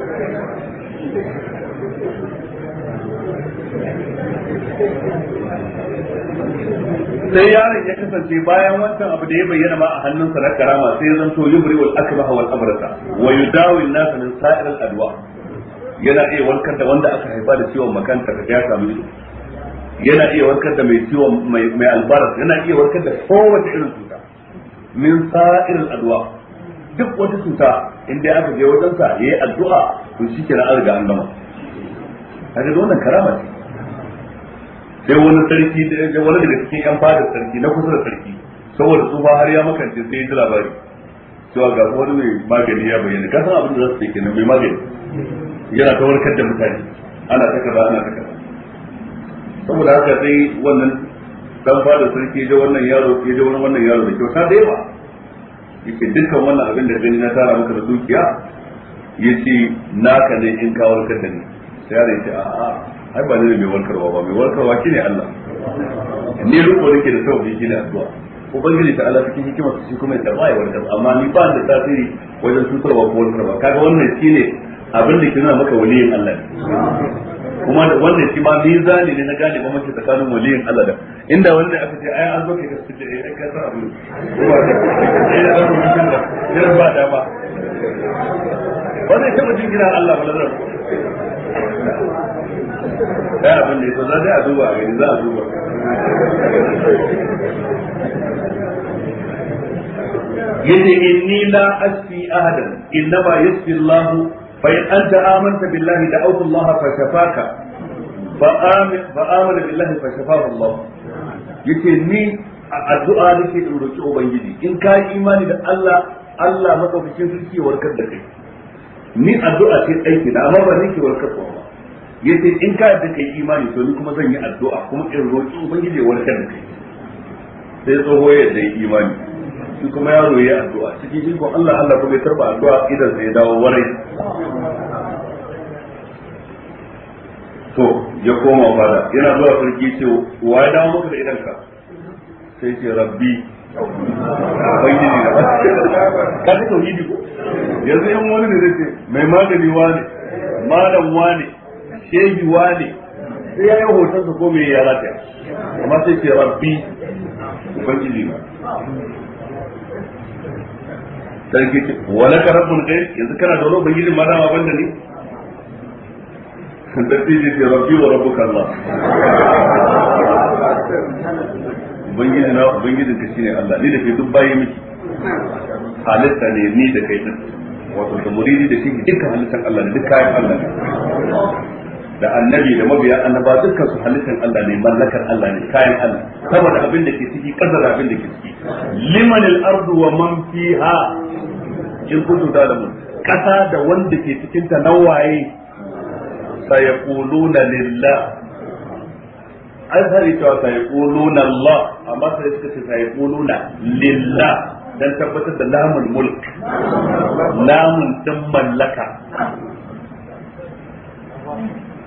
sai yaron ya kasance bayan wancan abu da ya bayyana ma a hannunsa na karama sai ya zanto yubri wal akbaha wal abrasa wa yudawi an-nas min sa'ir al-adwa yana iya warkar da wanda aka haifa da ciwon makanta ka ya samu ido yana iya warkar da mai ciwon mai albaras yana iya warkar da kowace irin cuta min sa'ir al-adwa duk wata cuta inda aka je wajensa yayi addu'a to shi kira an riga an gama kaga wannan karama ce sai wani sarki da wani daga cikin yan fadar sarki na kusa da sarki saboda tsufa har ya makance sai ya ji labari cewa ga wani mai magani ya bayyana ka san abin da za su kenan mai magani yana ta warkar da mutane ana ta ba ana ta saboda haka sai wannan dan fadar sarki ya ji wannan yaro ya ji wani wannan yaro da kyauta da yawa yake dukkan wannan abin da gani na tara maka da dukiya yace naka ne in ka warkar da ni sai ya ce a'a ai ba ne mai warkarwa ba mai warkarwa shine Allah ni ruko nake da sauki shine addu'a ubangiji ta Allah cikin hikima su shi kuma ya karba ya warkar amma ni ba da tasiri wajen tutarwa ko warkarwa kaga wannan shine abin da kina maka waliyin Allah kuma da wannan shi ma mizani ne na gane mace tsakanin waliyin Allah da inda wannan aka ce ai an zo kai su da ai ka sa abu kuma ai an zo da ba da ba ba zai taba jin gina Allah ba da da abin da ya za a duba a za a duba yace inni la asfi ahadan innama yasfi Allah fa in anta amanta billahi da autu Allah fa shafaka fa amin fa amana billahi fa shafahu Allah yace ni addu'a nake in roki ubangiji in ka yi imani da Allah Allah madaukakin sarki warkar da kai ni addu'a ce aiki da amma ba ni ke warkar ba yace in ka yarda kai imani to ni kuma zan yi addu'a kuma in roki ubangiji ya warkar da kai sai tsoho ya dai imani shi kuma yaro ya addu'a cikin ko Allah Allah kuma ya tarba addu'a idan sai dawo warai to ya koma fara yana zuwa sarki ce wa ya dawo maka da ka sai ce rabbi ubangiji da ka ta tauhidi ko yanzu yan wani ne zai ce mai magani wane malam wane shehiwa ne sai ya yi hotonsa ko mai ya rata amma sai ke rabbi ubangiji na sarki ce wala ka rabbul kai yanzu kana da wani ubangiji ma dama banda ne dattijo ce rabbi wa rabbuka Allah ubangiji na ubangijin ka shine Allah ni da ke duk bayi miki halitta ne ni da kai din wato da muridi da shi dukkan halittar Allah ne duk kayan Allah ne da annabi da mabiya annaba dukkan su halittar Allah ne mallakar Allah ne kayan Allah saboda abin da ke ciki kaddara abin da ke ciki liman al-ardu wa man fiha in kuntum ta'lamun kasa da wanda ke cikin ta nawaye sayaquluna lillah azhari cewa sayaquluna Allah amma sai suka ce sayaquluna lillah dan tabbatar da lamun mulk lamun din mallaka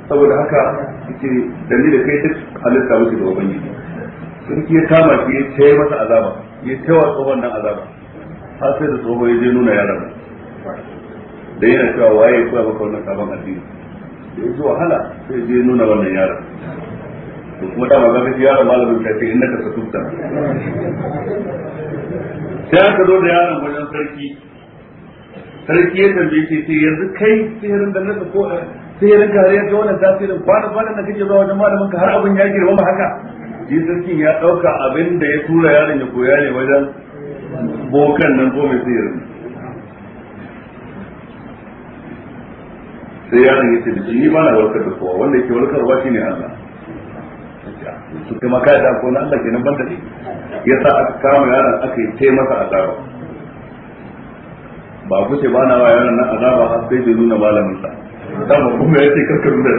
saboda haka yake dalilin kai duk halitta wuce da ubangiji sarki ya kama shi ya ce masa azaba ya ce wa tsohon nan azaba har sai da tsohon ya je nuna yaran da yana cewa waye ya koya maka wannan sabon addini da ya ji wahala sai je nuna wannan yaran to kuma dama za ka ji yaron malamin ta ce in naka sa tufta sai aka zo da yaron wajen sarki sarki ya tambaye shi sai yanzu kai sihirin da nasa ko sai ya rinka ya ga wannan tasirin kwana kwana da kake zuwa wajen malamin ka har abin ya girma ma haka shi sarkin ya dauka abin da ya tura yaron ya koya ne wajen bokan nan ko mai sihirin sai yaron ya ce da shi ni ba na warkar da kowa wanda yake warkarwa ne Allah su kuma kai da ko na Allah kenan banda ne sa aka kama yaron aka yi tai masa azaba ba ku ce ba na wa yaron nan azaba har sai da nuna malamin sa dama kuma ya ce karkar da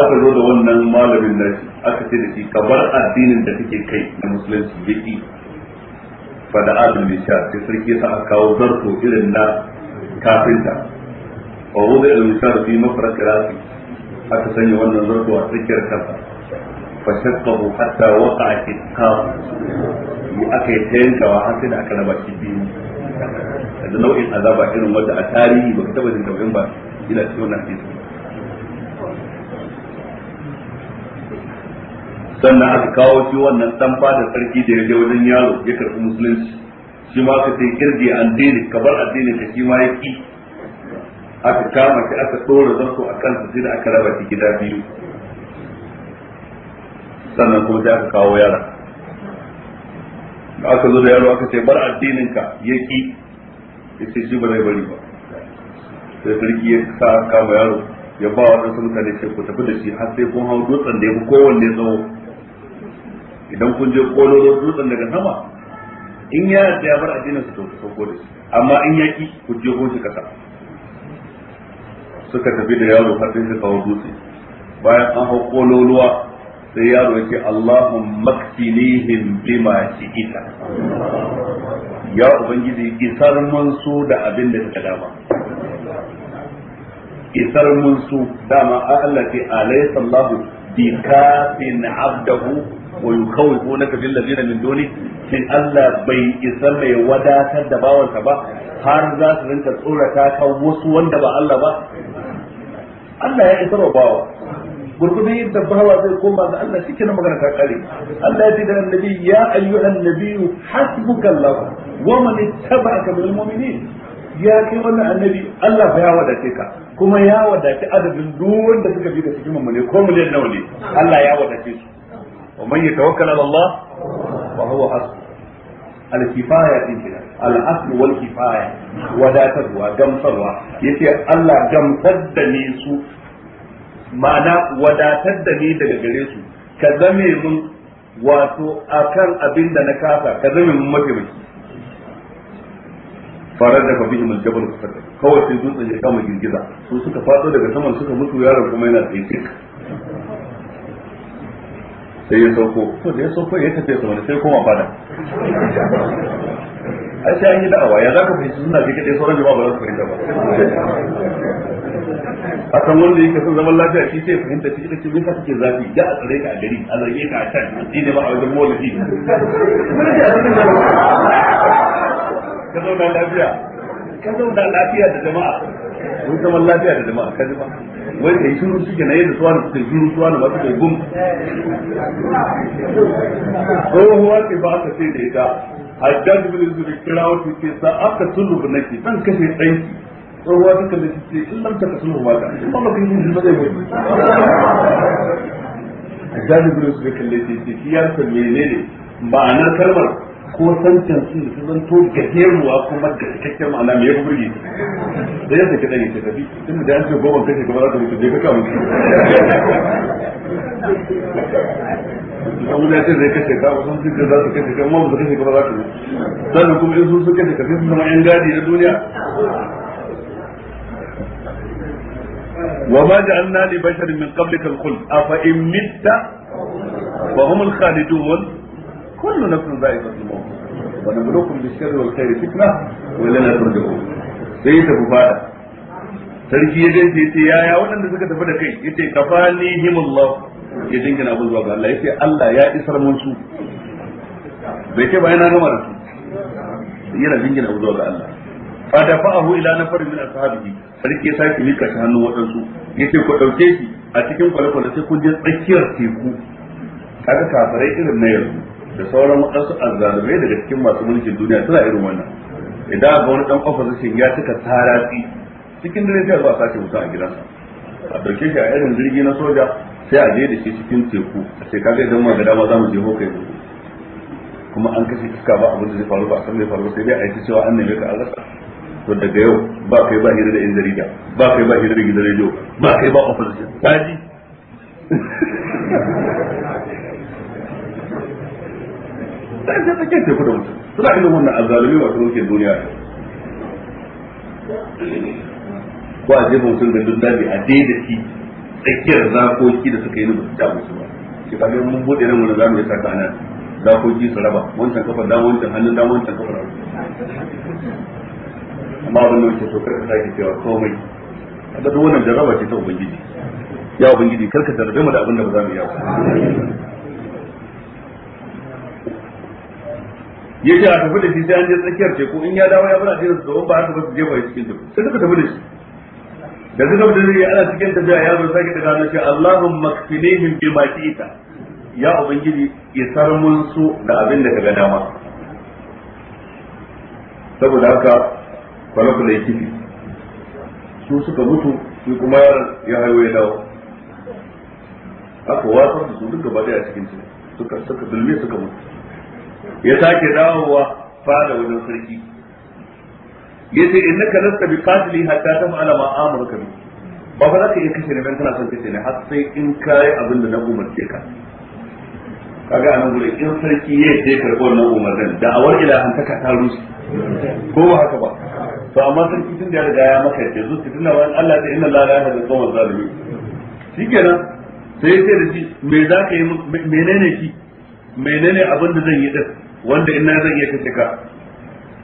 aka zo da wannan malamin shi aka ce da shi ka bar addinin da kake kai na musulunci biki fada adal ne sha sai sarki ya sa kawo zarto irin na kafinta wa da ilmi sha fi mafarka rafi aka sanya wannan zarto a tsakiyar kansa fa shakkahu hatta waqa'a kitqahu yi aka yi tayankawa har sai da aka raba shi biyu da nau'in azaba irin wanda a tarihi baka taba jin nau'in ba ina cikin wannan hadisi sannan aka kawo shi wannan dan fada sarki da ya je wajen yaro ya karɓi musulunci shi ma aka sai kirge addini kabar addini ka shi ma ya ki aka kama shi aka ɗora zarto a kansa sai da aka raba shi gida biyu sannan kuma sai aka kawo yara aka zo da yaro aka ce bar addininka ya ki yace shi ba zai bari ba sai sarki ya sa kama yaro ya ba wa wasu mutane ce ku tafi da shi har sai kun hau dutsen da ya fi kowanne tsawo idan kun je kololo dutsen daga sama in ya yarda ya bar addinin su to ku sauko da shi amma in ya ki ku je kun shi kasa suka tafi da yaro har sai suka hau dutse bayan an hau kololuwa sai yaro ya ce Allahumma maktinihim bima shi'ita ya ubangiji isar su da abin da ka dama isar su dama a Allah ce alaysa Allah bi kafin abdahu wa yukawwifunaka bil ladina min duni shin Allah bai isar mai wadatar da bawansa ba har za su rinka tsorata kan wasu wanda ba Allah ba Allah ya isar wa bawa gurgudun yadda bawa zai koma ga Allah shi na magana ta kare Allah ya ce da annabi ya ayyuhan nabiyyu hasbuka Allah wa man ittaba'aka minal mu'minin ya kai wannan annabi Allah fa ya wadace ka kuma ya wadace adadin duk wanda suka bi da cikin mummune ko miliyan nawa ne Allah ya wadace su wa man yatawakkal ala Allah fa huwa hasbuh al-kifaya din kira al-asl wal kifaya wadatarwa gamsarwa yace Allah gamsar da ni su ma'ana wadatar da ni daga gare su ka zame mun wato kan abin da na kasa ka zame mun mataimaki farar da kwafi imar jabal kusurta kawai sai dutsen ya kama girgiza su suka fado daga saman suka mutu yaron kuma yana tsaye sai ya sauko to da ya sauko ya tafiya sama sai koma fada ai sai an yi da'awa ya zaka fahimci suna kai kadai sauran jama'a ba za su fahimta ba a kan wanda yake son zaman lafiya shi sai fahimta shi kake me kake zafi da a tsare ka a gari a zarge ka a can shi ne ba a wajen mawlafi ka zauna lafiya ka zauna lafiya da jama'a mun zaman lafiya da jama'a ka jama'a wai kai shiru suke na yadda suwa suke shiru suwa na masu kai gum tsohuwa ce ba aka ce da ita hajjaj bin yusuf wata ke sa aka tulu nake dan kashe danki tsohuwa ce in ba ka in ba zai mutu bin ce shi ya san menene ma'anar kalmar ko sancan su su zan to gajeruwa kuma da cikakken ma'ana me ya burge da yadda saki dan yake tafi da an ce goma kashe gaba za ta mutu je ka kawo da mun da yake zai kace ka sun fi da su kace kuma ba su kace ba za ku dan kuma in sun suke kace sun zama yan gadi na duniya وما جعلنا لبشر من قبلك الخلد أفإن مت وهم الخالدون كل نفس ذائقة الموت ونبلوكم بالشر والخير فتنة ولنا ترجعون سيد أبو sarki ya dace ya yaya waɗanda suka tafi da kai yace himullah ya dingina abu zuwa ga Allah yace Allah ya isar mun su bai ce ba na gama da su yana na abu zuwa ga Allah fa dafa'ahu ila nafarin min ashabihi sarki ya saki mika ta hannu waɗansu yace ku dauke shi a cikin kwale-kwale sai kun je tsakiyar teku kaga kafarai irin na yanzu da sauran waɗansu azzalumai daga cikin masu mulkin duniya suna irin wannan idan ga wani dan ofishin ya cika taratsi cikin dare sai zuwa sace wuta a gidansa a dauke shi a irin jirgi na soja sai a je da shi cikin teku a ce kaga idan ma ga dama za mu je hokai kuma an kashe iska ba abin da zai faru ba a san zai faru sai dai a yi cewa an neme ka an to daga yau ba kai ba hira da yan jarida ba kai ba hira da gidan rediyo ba kai ba opposition kaji dan da take teku da mutum suna wato ke duniya ko a jefa mutum da duk daji a daida shi tsakiyar zakoki da suka yi ba da damu su ba ki fadin mun bude nan wani zamu yi saka nan zakoki su raba wancan kafar da wancan hannun da wancan kafar hagu amma abin da wuce to karka sake cewa komai a ga wannan raba ce ta ubangiji ya ubangiji karka rabe mu da abin da ba za mu yi ya ce a tafi da shi sai an je tsakiyar teku in ya dawo ya bar jinsu da su ba haka ba su jefa cikin teku sai suka tafi da shi da zuka da zai ana cikin tafiya ya zo sake daga zuciya Allahumma kfinihim bima ita, ya ubangiji isar mun su da abin da kaga dama saboda haka kwalakwala ya kifi su suka mutu su kuma yaran ya haihu ya dawo aka wasan su duk gaba daya cikin su suka suka dulme suka mutu ya sake dawowa fada wajen sarki yace innaka lasta bi qadli hatta taf'ala ma amuruka bi ba fa zaka ka iya kashe ne kana son kace ne har sai in kai abin da na umarce ka kaga anan gure in sarki ya je karɓar nan umarnin da awar ilahan ta ta taru ko ba haka ba to amma sarki tun da ya riga ya maka yace zuci tunda wani Allah ta inna la ilaha illa huwa zalimi shikenan sai yace da shi me zaka yi menene shi menene abin da zan yi din wanda ina zan iya kace ka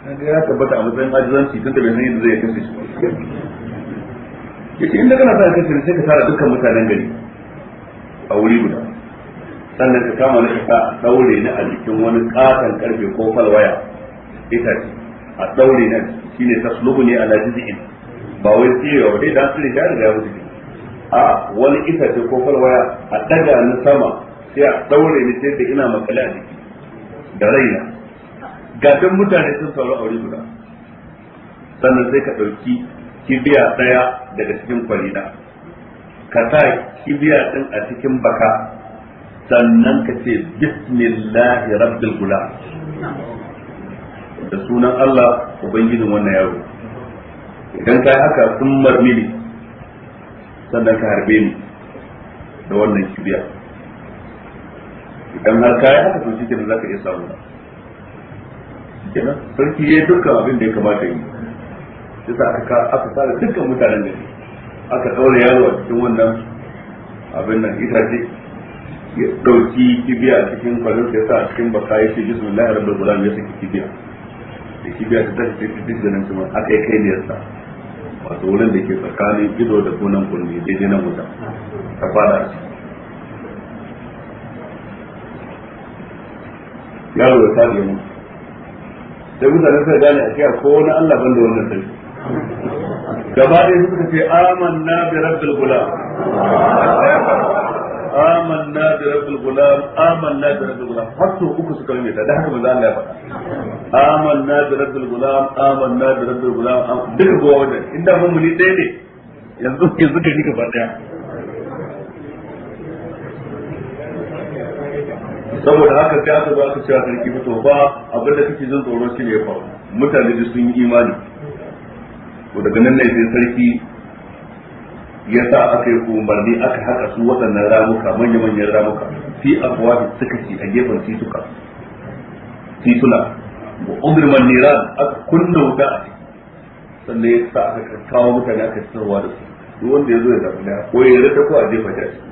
kaga ya tabbata a matsayin ajizanci tun da bai san yadda zai kashe shi yace inda kana sa kashe sai ka tara dukkan mutanen gari a wuri guda sannan ka kama na ka daure ni a jikin wani katon karfe ko falwaya itace a daure na shine taslubu ne ala jizin ba wai tsiyewa ba dai dan tsire ya riga ya wuce. a wani itace ko falwaya a daga ni sama sai a daure ni sai da ina makale a jiki da raina gashin mutane sun sauri aure guda sannan sai ka ɗauki kibiya ɗaya daga cikin kwalida ka sa kibiya ɗin a cikin baka sannan ka ce bismillah rabbil gula da sunan Allah ubangijin wannan yaro idan ka haka sun marmili sannan ka harbe ni da wannan kibiya idan har ka yi haka to shi za ka iya samu kenan sarki ya dukkan abin da ya kamata yi yasa aka aka tsara dukkan mutanen da aka tsaura yaro a cikin wannan abin nan ce ya dauki kibiya a cikin kwanin ya sa a cikin baka ya ce lahar rabbul gulam ya saki kibiya da kibiya ta tafi ta da nan kuma aka yi kai ne yasa wato wurin da ke tsakanin ido da gonan kunne daidai na wuta ta fara a ciki yaro ya sa ya mutu sai mutane suka gane a cewa ko wani Allah ban da wannan sai gaba ɗaya suka ce amanna bi rabbil gulam amanna bi rabbil gulam amanna bi rabbil gulam har su uku suka yi da haka manzo Allah ya faɗa amanna bi rabbil gulam amanna bi rabbil gulam duk gowa wannan inda mun muni ɗaya ne yanzu yanzu gari gaba ɗaya saboda haka sai aka zo aka cewa sarki fito ba abin da kake jin tsoro shi ne fa mutane da sun yi imani to daga nan ne sai sarki ya sa aka yi umarni aka haka su waɗannan ramuka manya-manyan ramuka fi afuwa suka ci a gefen tituka tituna wa ne ran aka kunna wuta a ciki sannan ya sa aka kawo mutane aka sanarwa da su duk wanda ya zo ya zaɓi na ko ya rata ko a jefa jaji?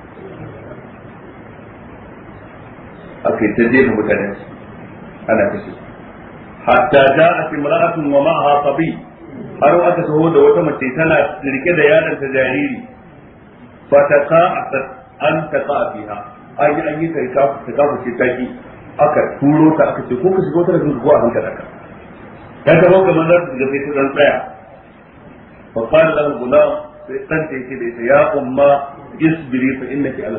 aka yi ta jefa mutanen su ana kashe su hatta ja'at imra'atun wa har aka taho da wata mace tana rike da yaron ta jariri fa taqa'at an taqa'a fiha an yi an yi tarka ta kafa ce taki aka turo ta aka ce ko ka ta da zuwa hankali ka ga tsaya da ya umma isbiri fa innaki ala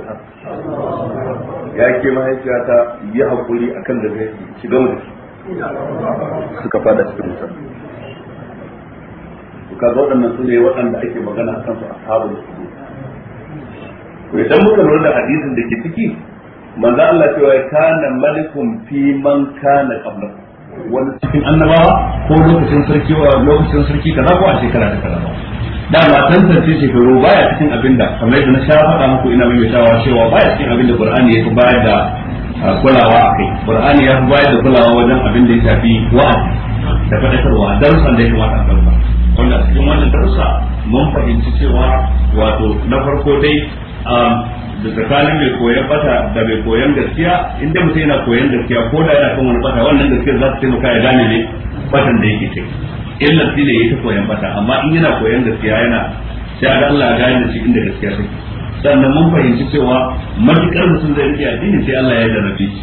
ya ke mahaifiyata yi hakuri akan da zai shiga mu da shi suka fada cikin wuta ka ga waɗannan sune ne waɗanda ake magana akan su ashabul sujud to idan muka lura da hadisin da ke ciki manzo Allah cewa kana malikum fi man kana qabla wani cikin annabawa ko lokacin sarki wa lokacin sarki kaza ko a shekara da kaza da ba tantance shekaru baya cikin abinda kamar yadda na sha faɗa muku ina mai shawara cewa baya cikin abinda Qur'ani ya fi bayar da ah, kulawa a kai Qur'ani ya fi bayar da kulawa wajen abin da ya shafi wa'azi da faɗakarwa darussan da ya kamata a karba wanda a cikin wannan darussa mun fahimci cewa wato na farko dai ah, da tsakanin mai koyan bata da mai koyan gaskiya inda mutum yana koyan gaskiya ko da yana kan wani bata wannan gaskiyar za ta taimaka ya gane ne batan da yake ciki illa shi ne ya ta koyan bata amma in yana koyan gaskiya yana sai ga Allah ya gane da shi inda gaskiya take sannan mun fahimci cewa matukar mutum zai rike addini sai Allah ya jarrabe shi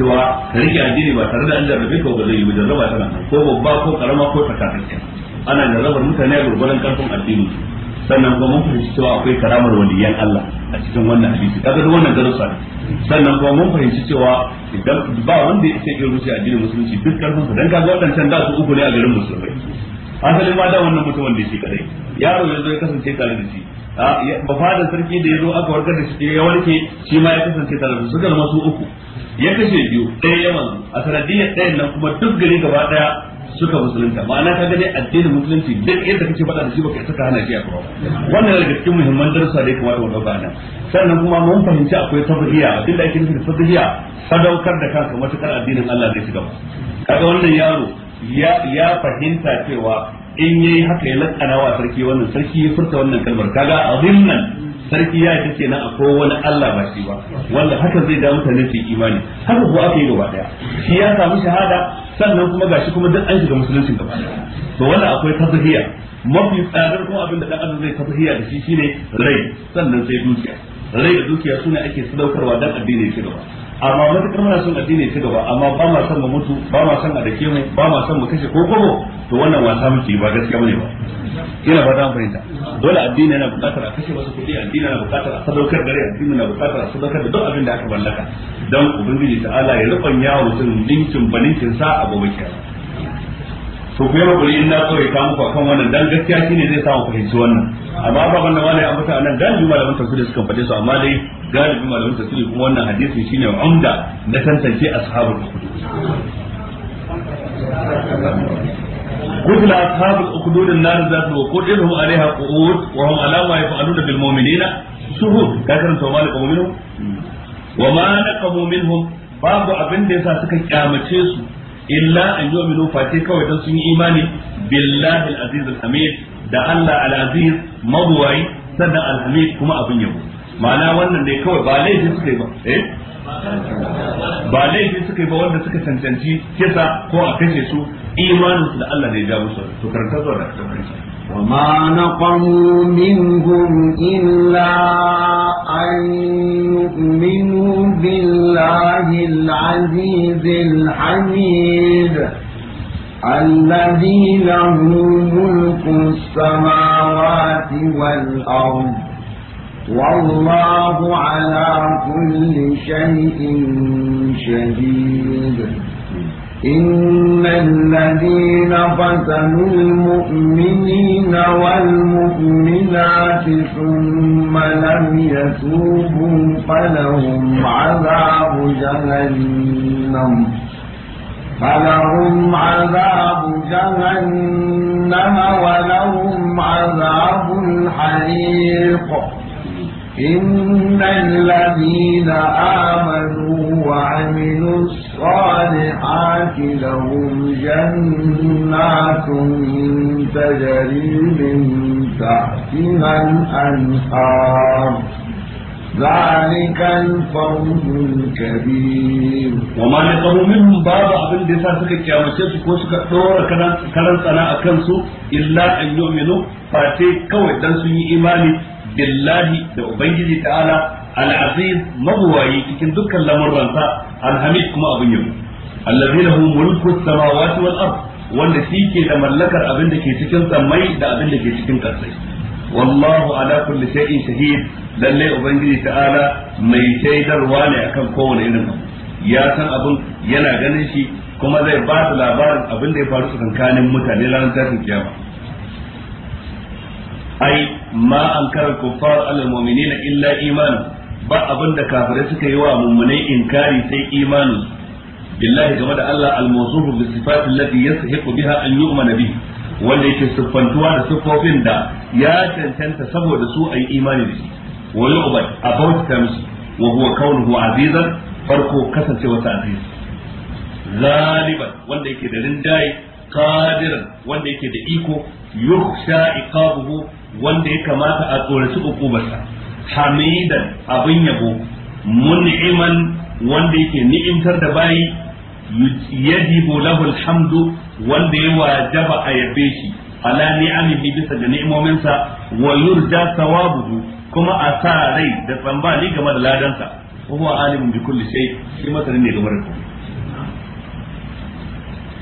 cewa ka rike addini ba tare da an jarrabe ka ba zai yi jarraba tana ko babba ko karama ko tsakatsakiya ana jarrabar mutane a gurgurar karfin addini sannan kuma mun fahimci cewa akwai karamar waliyan Allah a cikin wannan hadisi kaga duk wannan darussa sannan kuma mun fahimci cewa idan ba wanda cikin sai a addinin musulunci duk karfin sa dan kaga can da su uku ne a garin musulmai asalin ma da wannan mutumin da shi kadai yaro ya zo ya kasance tare da shi ba fadar sarki da ya zo aka warkar da shi ya warke shi ma ya kasance tare da su suka zama su uku ya kashe biyu ɗaya yawan a sanadiyyar ɗayan nan kuma duk gari gaba ɗaya suka musulunta ma'ana ka gane addinin musulunci duk yadda kake faɗa da shi baka saka hana jiya a wannan daga cikin muhimman darussa da ya kamata mu sannan kuma mun fahimci akwai tabbiya abin da kike nufi da tabbiya sadaukar da kanka matukar addinin Allah zai shiga kaga wannan yaro ya ya fahimta cewa in yayi haka ya lakana wa sarki wannan sarki ya furta wannan kalmar kaga azimnan sarki ya ce kenan akwai wani Allah ba shi ba wanda haka zai da mutane su imani haka ko aka yi gaba daya shi ya samu shahada sannan kuma gashi kuma duk an shiga musulunci gaba to wannan akwai tasahiya mafi tsadar kuma abin da dan zai tasahiya da shi shine rai sannan sai dukiya rai da dukiya sune ake sadaukarwa dan addini ya gaba amma matukar muna son addini ci gaba amma ba ma son mu mutu ba ma son a dake mu ba ma son mu kashe ko gobo to wannan wasa muke ba gaskiya bane ba ina ba dan fahimta dole addini yana buƙatar a kashe wasu kuɗi addini yana buƙatar a sadaukar dare addini yana buƙatar a sadaukar da duk abin da aka mallaka dan ubangiji ta'ala ya rubanya mutum linkin baninkin sa a gobe kiyama to ku yi hakuri in na so ya kawo muku akan wannan dan gaskiya shine zai samu fahimci wannan amma ba wannan wani an fita nan galibi malamin tafsiri suka faɗe su amma dai galibi malamin tafsiri kuma wannan hadisi shine umda na tantance ashabul ukhdud قتل أصحاب الأخدود النار ذات الوقود da هم عليها قعود وهم على ما يفعلون Wa شهود كثرة وما نقموا منهم وما نقموا منهم باب أبن suka سكا su. illa an yu'minu fati kawai dan sun yi imani billahi al-aziz al-hamid da Allah al-aziz mabwai sada al-hamid kuma abin yabo ma'ana wannan ne kawai ba laifi suka yi ba eh ba laifi suka yi ba wanda suka cancanci kisa ko a kashe su imanin su da Allah ne ya jawo su to karanta zuwa da karanta وما نقموا منهم إلا أن يؤمنوا بالله العزيز الحميد الذي له ملك السماوات والأرض والله على كل شيء شديد إن الذين فَتَنُوا المؤمنين والمؤمنات ثم لم يتوبوا فلهم عذاب جهنم فلهم عذاب جهنم ولهم عذاب الحريق إن الذين آمنوا وعملوا الصالحات لهم جنات تجري من تحتها الأنهار ذلك الفوز الكبير وما نقم منهم باب عبد الدساء سكت يا مسجد كوسك دور كرنسنا أكنسو إلا أن يؤمنوا فاتي كوي دنسو إيماني billahi da ubangiji ta'ala al-aziz mabuwayi cikin dukkan lamuransa al-hamid kuma abin yabo allazi lahu mulku samawati wal ard wanda shi ke da mallakar abin da ke cikin samai da abin da ke cikin kasai wallahu ala kulli shay'in shahid lallai ubangiji ta'ala mai shaidarwa ne akan kowane irin ya san abin yana ganin shi kuma zai ba labarin abin da ya faru tsakanin mutane ranar tashin kiyama ai ma ankara kuffar alal mu'minina illa imanu ba abin da kafirai suka yi wa mummunai inkari sai imanu billahi game da Allah al-mawsufu bi sifati allati yastahiqu biha an yu'mana bi wanda yake siffantuwa da siffofin da ya cancanta saboda su ayi imani da shi wa yu'bad a bauta wa huwa kaunuhu azizan farko kasance sa aziz zaliban wanda yake da rinjaye qadiran wanda yake da iko yukhsha iqabuhu wanda ya kamata a tsoraci ukubarsa hamidan abin yabo mun'iman wanda yake ni'imtar da bayi yadi lahu Hamdu, wanda ya wajaba a yabe shi ala ni'amihi bisa da ni'imominsa wa yurja sawabuhu kuma a sa rai da tsambali game da ladansa huwa alimun bi kulli shay shi masanin ne game da komai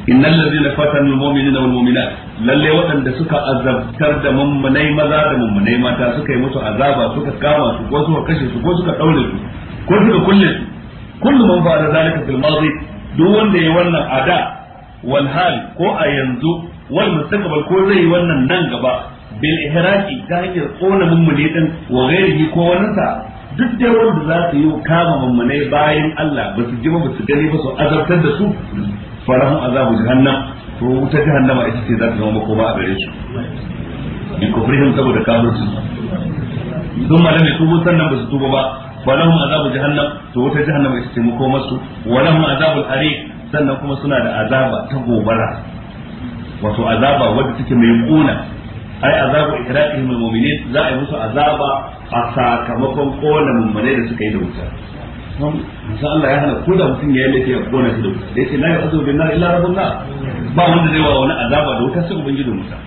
Inna ladina fatanu almu'minina wal mu'minat lalle waɗanda suka azabtar da mummunai maza da mummunai mata suka yi musu azaba suka kama su ko suka kashe su ko suka daure su ko suka kulle su kullu man fa'ala zalika fil madi duk wanda yayi wannan ada wal hal ko a yanzu wal mustaqbal ko zai yi wannan nan gaba bil ihraqi ta hanyar kona mummune din wa ghairihi ko wannan duk dai wanda za su yi kama mummunai bayan Allah ba su ji ba su gani ba su azabtar da su Farahun azabu jahannam to wuta jahannama ita ce za ta zama makoma a gare su in kufrihim saboda kafirci sun malam su wutan nan ba su tuba ba Farahun azabu jahannam to wuta jahannama ita ce makoma su walahum azabu hariq sannan kuma suna da azaba ta gobara wato azaba wadda take mai kuna ai azabu ihraqihim almu'minin za a yi musu azaba a sakamakon kona mummune da suka yi da wuta don Allah ya hana ko mutum ya yi laifi da wuta da yake bin illa ba wanda zai wa wani azaba da wuta sai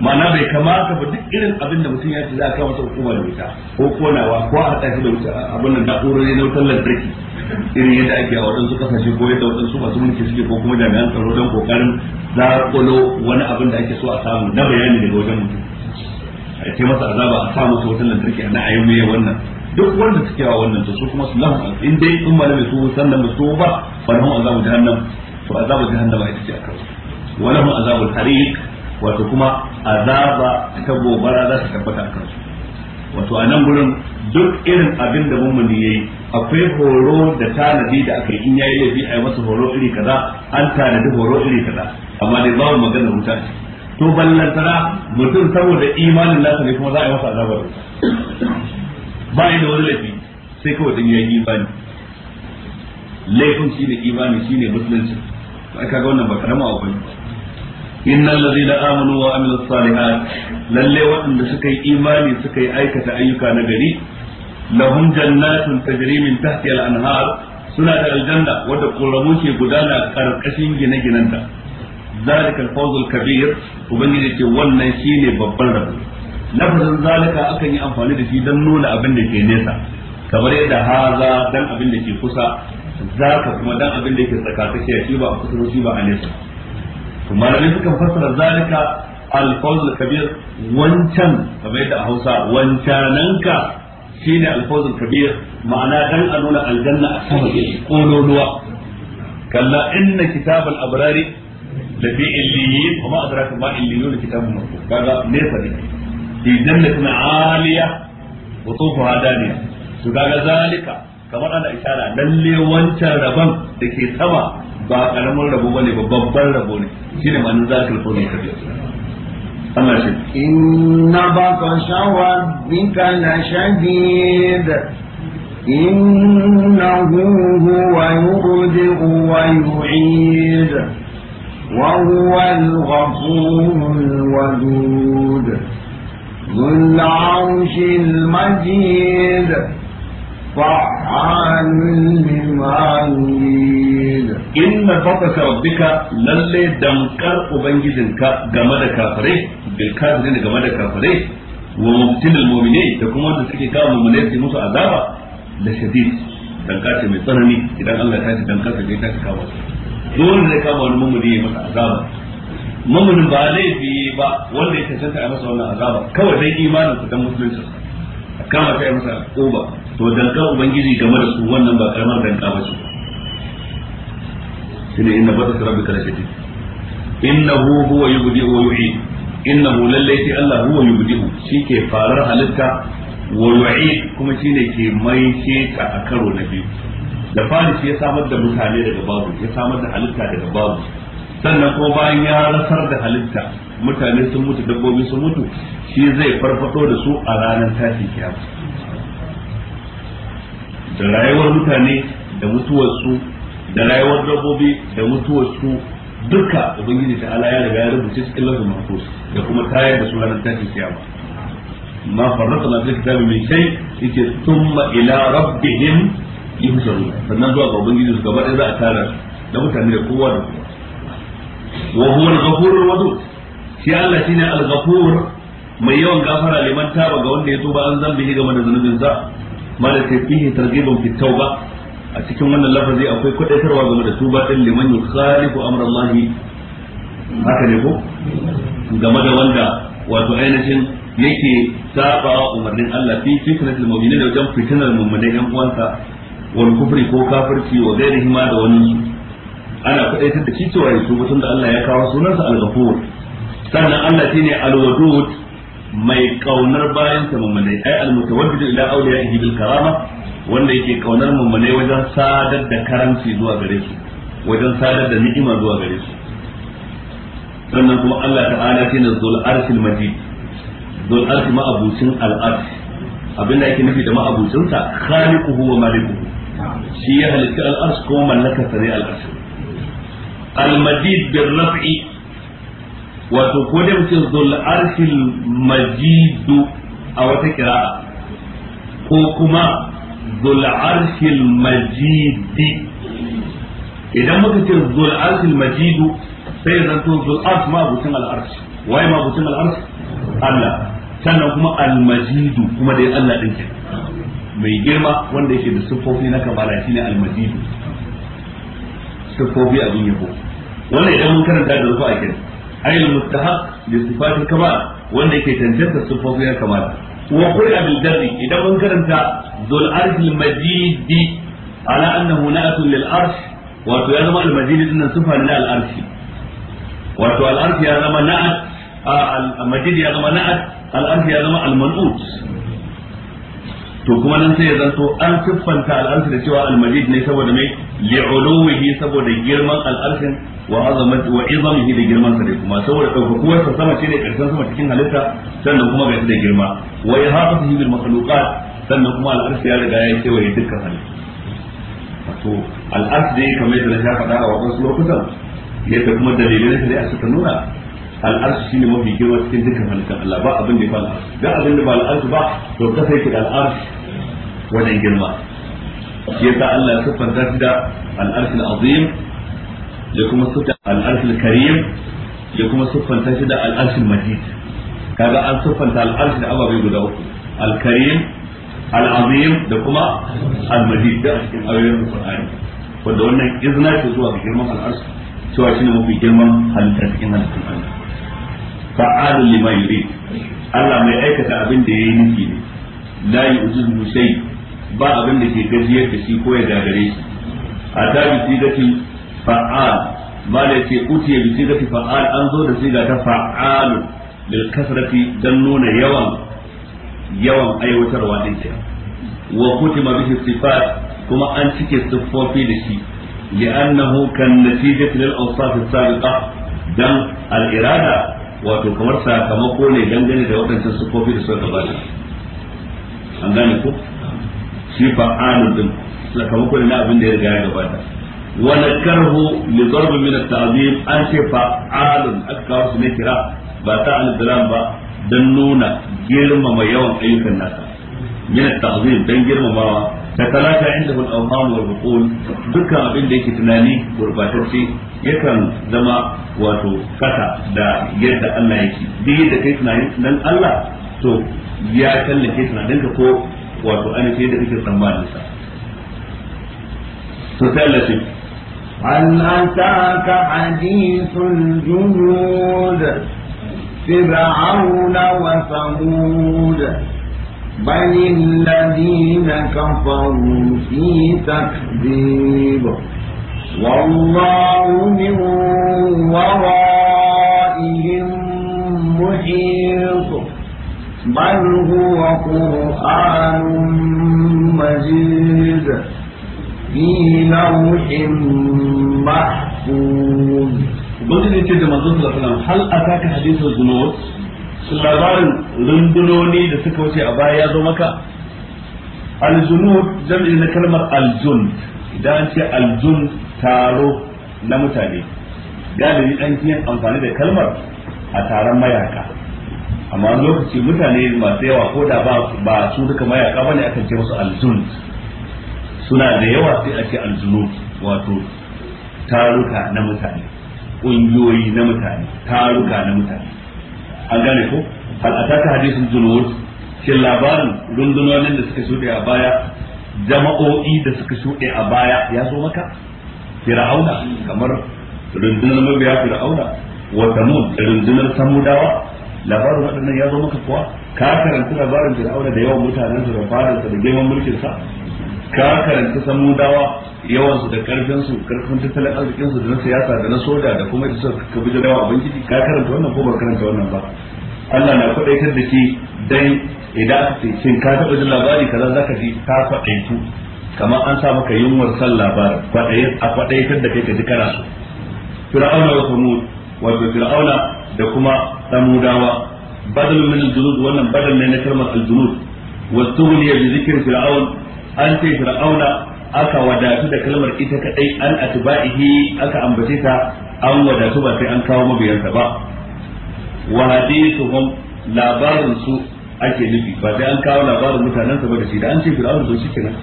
ma'ana bai kamata ba duk irin abin da mutum ya ce za a kawo masa hukuma da wuta ko konawa ko a haɗa shi da wuta abin nan na'urori na wutar lantarki irin yadda ake a waɗansu kasashe ko yadda waɗansu masu mulki suke ko kuma jami'an tsaro don kokarin kolo wani abin da ake so a samu na bayani daga wajen mutum a ce masa azaba a sa masa wutar lantarki a na'ayin mai wannan duk wanda suke wa wannan to su kuma su lahu in dai sun malamai su sannan su ba fa lahum azabu jahannam to azabu jahannama ita ce akan wa lahum azabul hariq wato kuma azaba ta gobara za ta tabbata akan su wato a nan gurin duk irin abin da mummuni yayi akwai horo da tanadi da aka yi in yayi laifi a yi masa horo iri kaza an tanadi horo iri kaza amma dai babu magana wuta to ballantana mutum saboda imanin nasa ne kuma za a yi masa azabar ba da wani laifi sai kawai dan yayi imani laifin shine imani shine musulunci ai kaga wannan ba karama abu ne innal ladina amanu wa amilus salihat lalle waɗanda suka yi imani suka yi aikata ayyuka na gari lahum jannatun tajri min tahtiha al-anhar suna da aljanna wadda kuramu ke gudana karkashin gine-ginanta zalikal fawzul kabir ubangiji ce wannan shine babban rabo lafazin zalika akan yi amfani da shi don nuna abin da ke nesa kamar yadda haza dan abin da ke kusa zaka kuma dan abin da ke tsakatake shi ba a kusa shi ba a nesa to malamai sukan fassara zalika al-fawz kabir wancan kamar yadda a Hausa wancananka shine al-fawz kabir ma'ana dan a nuna aljanna a sama ko kalla inna kitabal abrari lafi illiyin kuma adraka ma illiyun kitabun mabud kaga nesa ne fi jannatin aliya wa tufuha daniya to kaga zalika kamar ana ishara lalle wancan rabon da ke sama ba karamin rabo bane ba babban rabo ne shine ma'anar zalikal fawzul kabir shi إنه هو يبدئ ويعيد وهو الغفور الودود ذو العرش المجيد فعال لما يريد إن بطش ربك للي دمكر أبنجدنك جمد كافري بالكافرين جمد كافري ومبتل المؤمنين تكون وانت سكي كام المؤمنين في موسى عذابا لشديد danka ce mai tsanani idan Allah ya tashi danka ka je ta kawo dole ne kama wani mummuni ya masa azaba mamunin ba laifi ba wanda ya tantance a masa wannan azaba kawai dai imanin ku dan musulunci kama ta yi masa uba to danka ubangiji game da su wannan ba karamar danka ba ce shine inna bata rabbika lashadid innahu huwa yubdi wa yu'id innahu lallaiti Allah huwa yubdi shi ke farar halitta wa yu'id kuma shine ke maishe ta a karo na biyu da fari shi ya samar da mutane daga babu ya samar da halitta daga babu sannan ko bayan ya rasar da halitta mutane sun mutu dabbobi sun mutu shi zai farfato da su a ranar tashin kiyama da rayuwar mutane da mutuwar su da rayuwar dabbobi da mutuwar su duka ubangiji ta ala ya riga ya rubuce cikin lafin mahfuz da kuma tayar da su ranar tashin kiyama ma farratna mai kitabi min shay yake thumma ila rabbihim yuhzarun sannan zuwa ga ubangiji su gaba ɗaya za a tara da mutane da kowa da kowa wa huwa al-ghafurur wadud shi Allah shine al-ghafur mai yawan gafara liman taba ga wanda ya tuba an zambi shi game da zunubin sa mala sai fihi targhibun tauba a cikin wannan lafazi akwai kudaitarwa game da tuba din liman yukhalifu amra Allah haka ne ko game da wanda wato ainihin yake saba umarnin Allah fi fitnatul mu'minin da wajen yan uwansa wani kufri ko kafirci wa ghairihi ma da wani ana kudaitar da shi cewa yanzu mutum da Allah ya kawo sunansa al-ghafur sannan Allah shine al-wadud mai kaunar bayan sa mamane ai al-mutawajjid ila awliyaihi bil karama wanda yake kaunar mamane wajen sadar da karanci zuwa gare su wajen sadar da ni'ima zuwa gare su sannan kuma Allah ta'ala shine zul arshil majid zul arsh ma'abucin al-arsh abinda yake nufi da ma'abucinsa, sa khaliquhu wa malikuhu shi ya halitta al-arsh kuma mallaka sare al-arsh al-madid bil raf'i wato ko da mutum zul arshil majidu a wata kira'a ko kuma zul arshil majidi idan muka ce zul arshil majidu sai ya zanto zul arsh ma abucin al arsh waye ma abucin al arsh Allah sannan kuma al majidu kuma Allah mai girma wanda yake da siffofi na kamala ne al siffofi abin yabo wannan idan mun karanta da rufa akin ayyul mustahaq bi sifatil kamal wanda yake tantance siffofi na kamala wa qur'a bil darri idan mun karanta zul arshil majid ala annahu na'atun lil arsh wato ya zama al majid din sifa ne al arsh wato al arsh ya zama na'at al majid ya zama na'at al arsh ya zama al man'ut to kuma nan sai ya zanto an siffanta al'arshi da cewa al-majid ne saboda mai li'uluwihi saboda girman al'arshin wa azamat wa izamihi da girman sa da kuma saboda daukakuwar sa sama shine karshen sama cikin halitta sannan kuma ga da girma wa ihaqatihi bil makhluqat sannan kuma al'arshi ya riga ya kewaye dukkan halitta to al'arshi dai kamar yadda na faɗa a wasu lokutan yadda kuma dalilai da a suka nuna al'arshi shine mafi girma cikin dukkan halittar Allah ba abin da ya fara dan abin da ba al'arshi ba to kasa yake da al'arshi wajen girma shi yasa Allah ya siffanta shi da al'arshi azim da kuma siffanta al'arshi karim ya kuma siffanta shi da al'arshi majid kaga an siffanta al'arshi da ababe guda uku al-karim al-azim da kuma al-majid da cikin ayoyin Qur'ani wanda wannan izna ce zuwa ga girman al'arshi cewa shine mafi girman halitta cikin halittun Allah fa'alun lima Allah mai aikata abin da yayi nufi ne la yu'jizu shay ba abin da ke gajiyar da shi ko ya gagare shi a tabi sigati fa'al ma da ce utiya bi sigati fa'al an zo da siga ta fa'alun lil kasrati dan nuna yawan yawan aiwatarwa din kenan wa kutima bihi sifat kuma an cike siffofi da shi li'annahu kan natijati lil awsaf as-sabiqa dan al-irada wato kamar sakamako ne dangane da waɗancan sufofi da suka bada. an gane ko shi fa'alun din sakamako ne na abin da ya riga ya gabata Wani nakarhu li darb min at-ta'zim an ce fa'alun aka kawo su ne kira ba ta al-dalam ba dan nuna girmama yawan ayyukan nasa min at-ta'zim dan girmamawa da talata inda hul awham wal buqul duka abin da yake tunani gurbatacce yakan zama wato kasa da yadda Allah yake duk yadda kai tunani nan Allah to ya tallake tunaninka ko wato an ce da kake tsammanin sa to sai Allah ce an ataka hadithul junud فرعون وثمود بل الذين كفروا في تكذيب والله من ورائهم محيط بل هو قرآن مجيد في لوح محفوظ بدل يتجمع ضد الأفلام هل أتاك حديث الجنود su labarin rundunoni da suka wuce a baya ya zo maka aljunud jam'i na kalmar aljun idan an ce aljun taro na mutane galibi an yi amfani da kalmar a taron mayaka amma lokaci mutane masu yawa ko da ba su duka mayaka bane aka ce musu aljun suna da yawa sai a ce aljunud wato taruka na mutane ƙungiyoyi na mutane taruka na mutane an gane ko hal ataka hadithul junud shi labarin rundunonin da suka shude a baya jama'o'i da suka shude a baya ya zo maka fir'auna kamar rundunar mabiya fir'auna wa samud da rundunar samudawa labarin waɗannan ya zo maka kuwa ka karanta labarin fir'auna da yawan mutanen da fadansa da girman mulkin sa ka karanta samudawa yawan su da karfin su karfin tattalin arzikin su da na siyasa da na soja da kuma isa ka bi jirawa ubangiji ka karanta wannan ko ba karanta wannan ba Allah na kwadaitar da ke dan idan aka ce shin ka taɓa jin labari kaza zaka ji ka faɗaitu kamar an sa maka yunwar san labarin a faɗaitar da kai ka ji kana so fir'auna wa samud wato fir'auna da kuma samudawa badal min al-junud wannan badal ne na kalmar al-junud wa tughliya bi dhikri fir'aun an ce fir'auna aka wadatu da kalmar ita kadai an atba'ihi aka ambace ta an wadatu ba sai an kawo mabiyarta ba wa hadithuhum labarin su ake nufi ba sai an kawo labarin mutanen sa ba da shi da an ce fir'auna to shikenan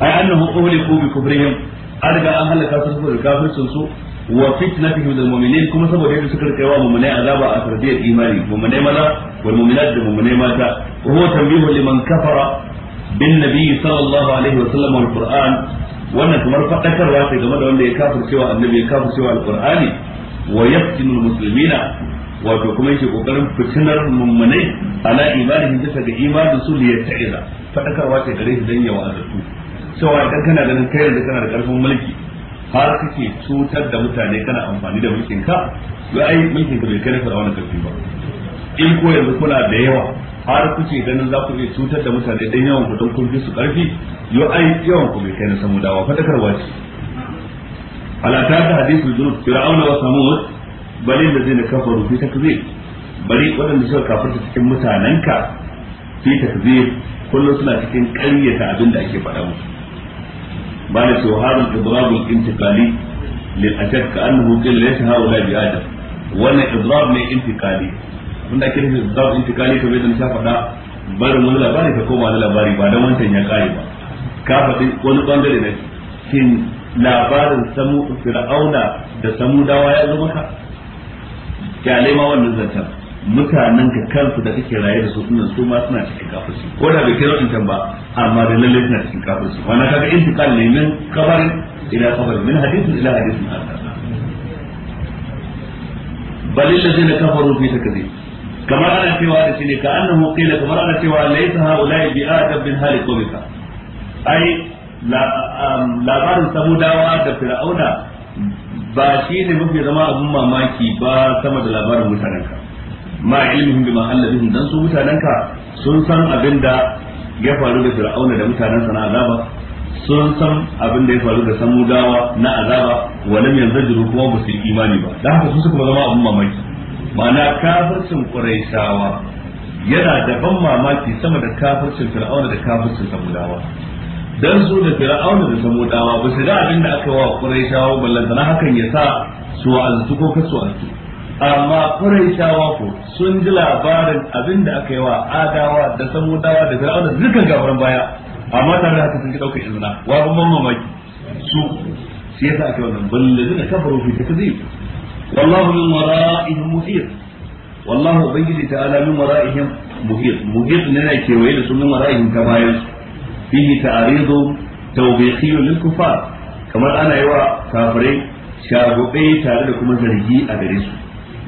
ai annahu uhliku bi kubrihim an riga an halaka su saboda kafircin su wa fitnatihim lil mu'minin kuma saboda yadda suka rikewa mu'minai azaba a tarbiyyar imani mu'minai maza wal mu'minat da mu'minai mata wa huwa tanbihu liman kafara bin nabi sallallahu alaihi wa sallam alquran wannan kamar fadakarwa sai game da wanda ya cewa annabi ya kafircewa alqurani wa yaftinul muslimina wato kuma yake kokarin fitinar mummunai ala imanin bisa ga imanin su da ya ta'iza fadakarwa ce gare shi dan yawa azatu cewa idan kana ganin kai yanzu kana da karfin mulki har kake cutar da mutane kana amfani da mulkin ka to ai mulkin ka bai kai na fara wannan karfi ba in ko yanzu kuna da yawa har kuke ganin za ku iya cutar da mutane dan yawan ku don kun fi su karfi yo ai yawan ku bai kai na samu samudawa fadakarwa ce ala ta da hadisul junub fir'auna wa samud bali allazina kafaru fi takzib bari waɗanda suka kafarta cikin mutanenka fi takzib kullum suna cikin ƙaryata abin da ake faɗa musu ba da cewa harin ibrabul intiqali lil ajad ka annahu qil laysa haula bi adam wannan ibrab ne intiqali abinda ake nufi za su intikali kamar yadda ta faɗa barin wani labari ka koma da labari ba da wancan ya kare ba ka faɗi wani bangare ne shin labarin samu fir'auna da samu dawa ya zama ka kyale ma wannan zancen mutanen ka kansu da kake raye da su sunan su ma suna cikin kafirci ko da bai kira intan ba amma da lalle suna cikin kafirci wannan kaga intikal ne min kabarin ila kabarin min hadisin ila hadisin akhar bal alladhina kafaru fi takdir kamar ana cewa da shi ne ka annahu da kamar ana cewa laysa haula'i bi adab bin hali qawmika ai labarin samudawa da fir'auna ba shi ne mafi zama abun mamaki ba sama da labarin mutanenka ma ilmihim bi allabihim dan su mutanenka sun san abin da ya faru da fir'auna da mutanensa na azaba sun san abin da ya faru da samudawa na azaba yanzu yanzajiru kuma ba su imani ba dan haka su suka zama abun mamaki ma'ana kafircin ƙuraisawa yana da ban mamaki sama da kafircin fir'auna da kafircin samudawa dan su da fir'auna da samudawa ba su da abin da aka wa ƙuraisawa quraishawa na hakan ya sa su azu ko kasu azu amma ƙuraisawa ko sun ji labarin abin da aka yi wa adawa da samudawa da fir'auna dukan gafaran baya amma tare da haka sun ki dauka izina wa ban mamaki su shi yasa ake wannan ballazina kafaru fi takzib wallahu min wara'ihim muhit wallahu ubangiji ta'ala min wara'ihim muhit muhit ne ne kewaye da su min wara'ihim ta bayan fihi ta'ridu tawbihiyyun lil kufar kamar ana yi wa kafirai shagube tare da kuma zargi a gare su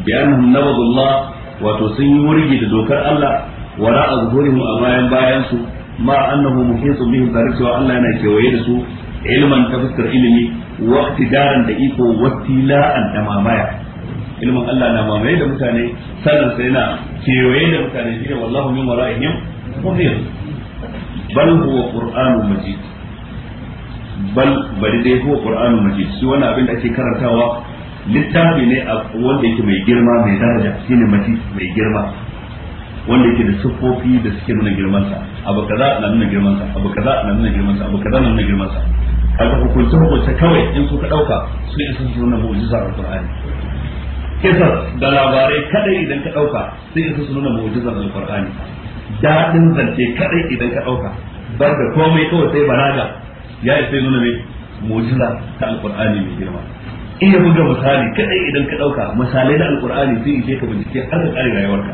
bi annahum nabadullah wato sun yi wurgi da dokar Allah wara a zuhurihim a bayan bayan su ma cewa Allah yana kewaye da su ilman ta ilimi Waqti daran da iko watila'an da mamaya ilmin Allah na mamaye da mutane sannan sai na kewaye da mutane shi ne wallahu min wara'ihim muhir bal huwa qur'anun majid bal bari dai huwa qur'anun majid shi wannan abin da ake karantawa littafi ne a wanda yake mai girma mai daraja shine majid mai girma wanda yake da siffofi da suke nuna girmansa abu kaza na nuna girmansa abu kaza na nuna girmansa abu kaza na nuna girmansa kaga hukunce hukunta kawai in su ka dauka su isa su nuna mu'jizar Alƙur'ani? kisar da labarai kadai idan ka dauka sai isa su nuna mu'jizar alqur'ani daɗin zance kadai idan ka dauka bar da komai kawai sai balaga ya isa nuna mai mu'jiza ta Alƙur'ani mai girma iya buga misali kadai idan ka dauka misalai da alqur'ani sai ishe ka bincike har ka kare rayuwarka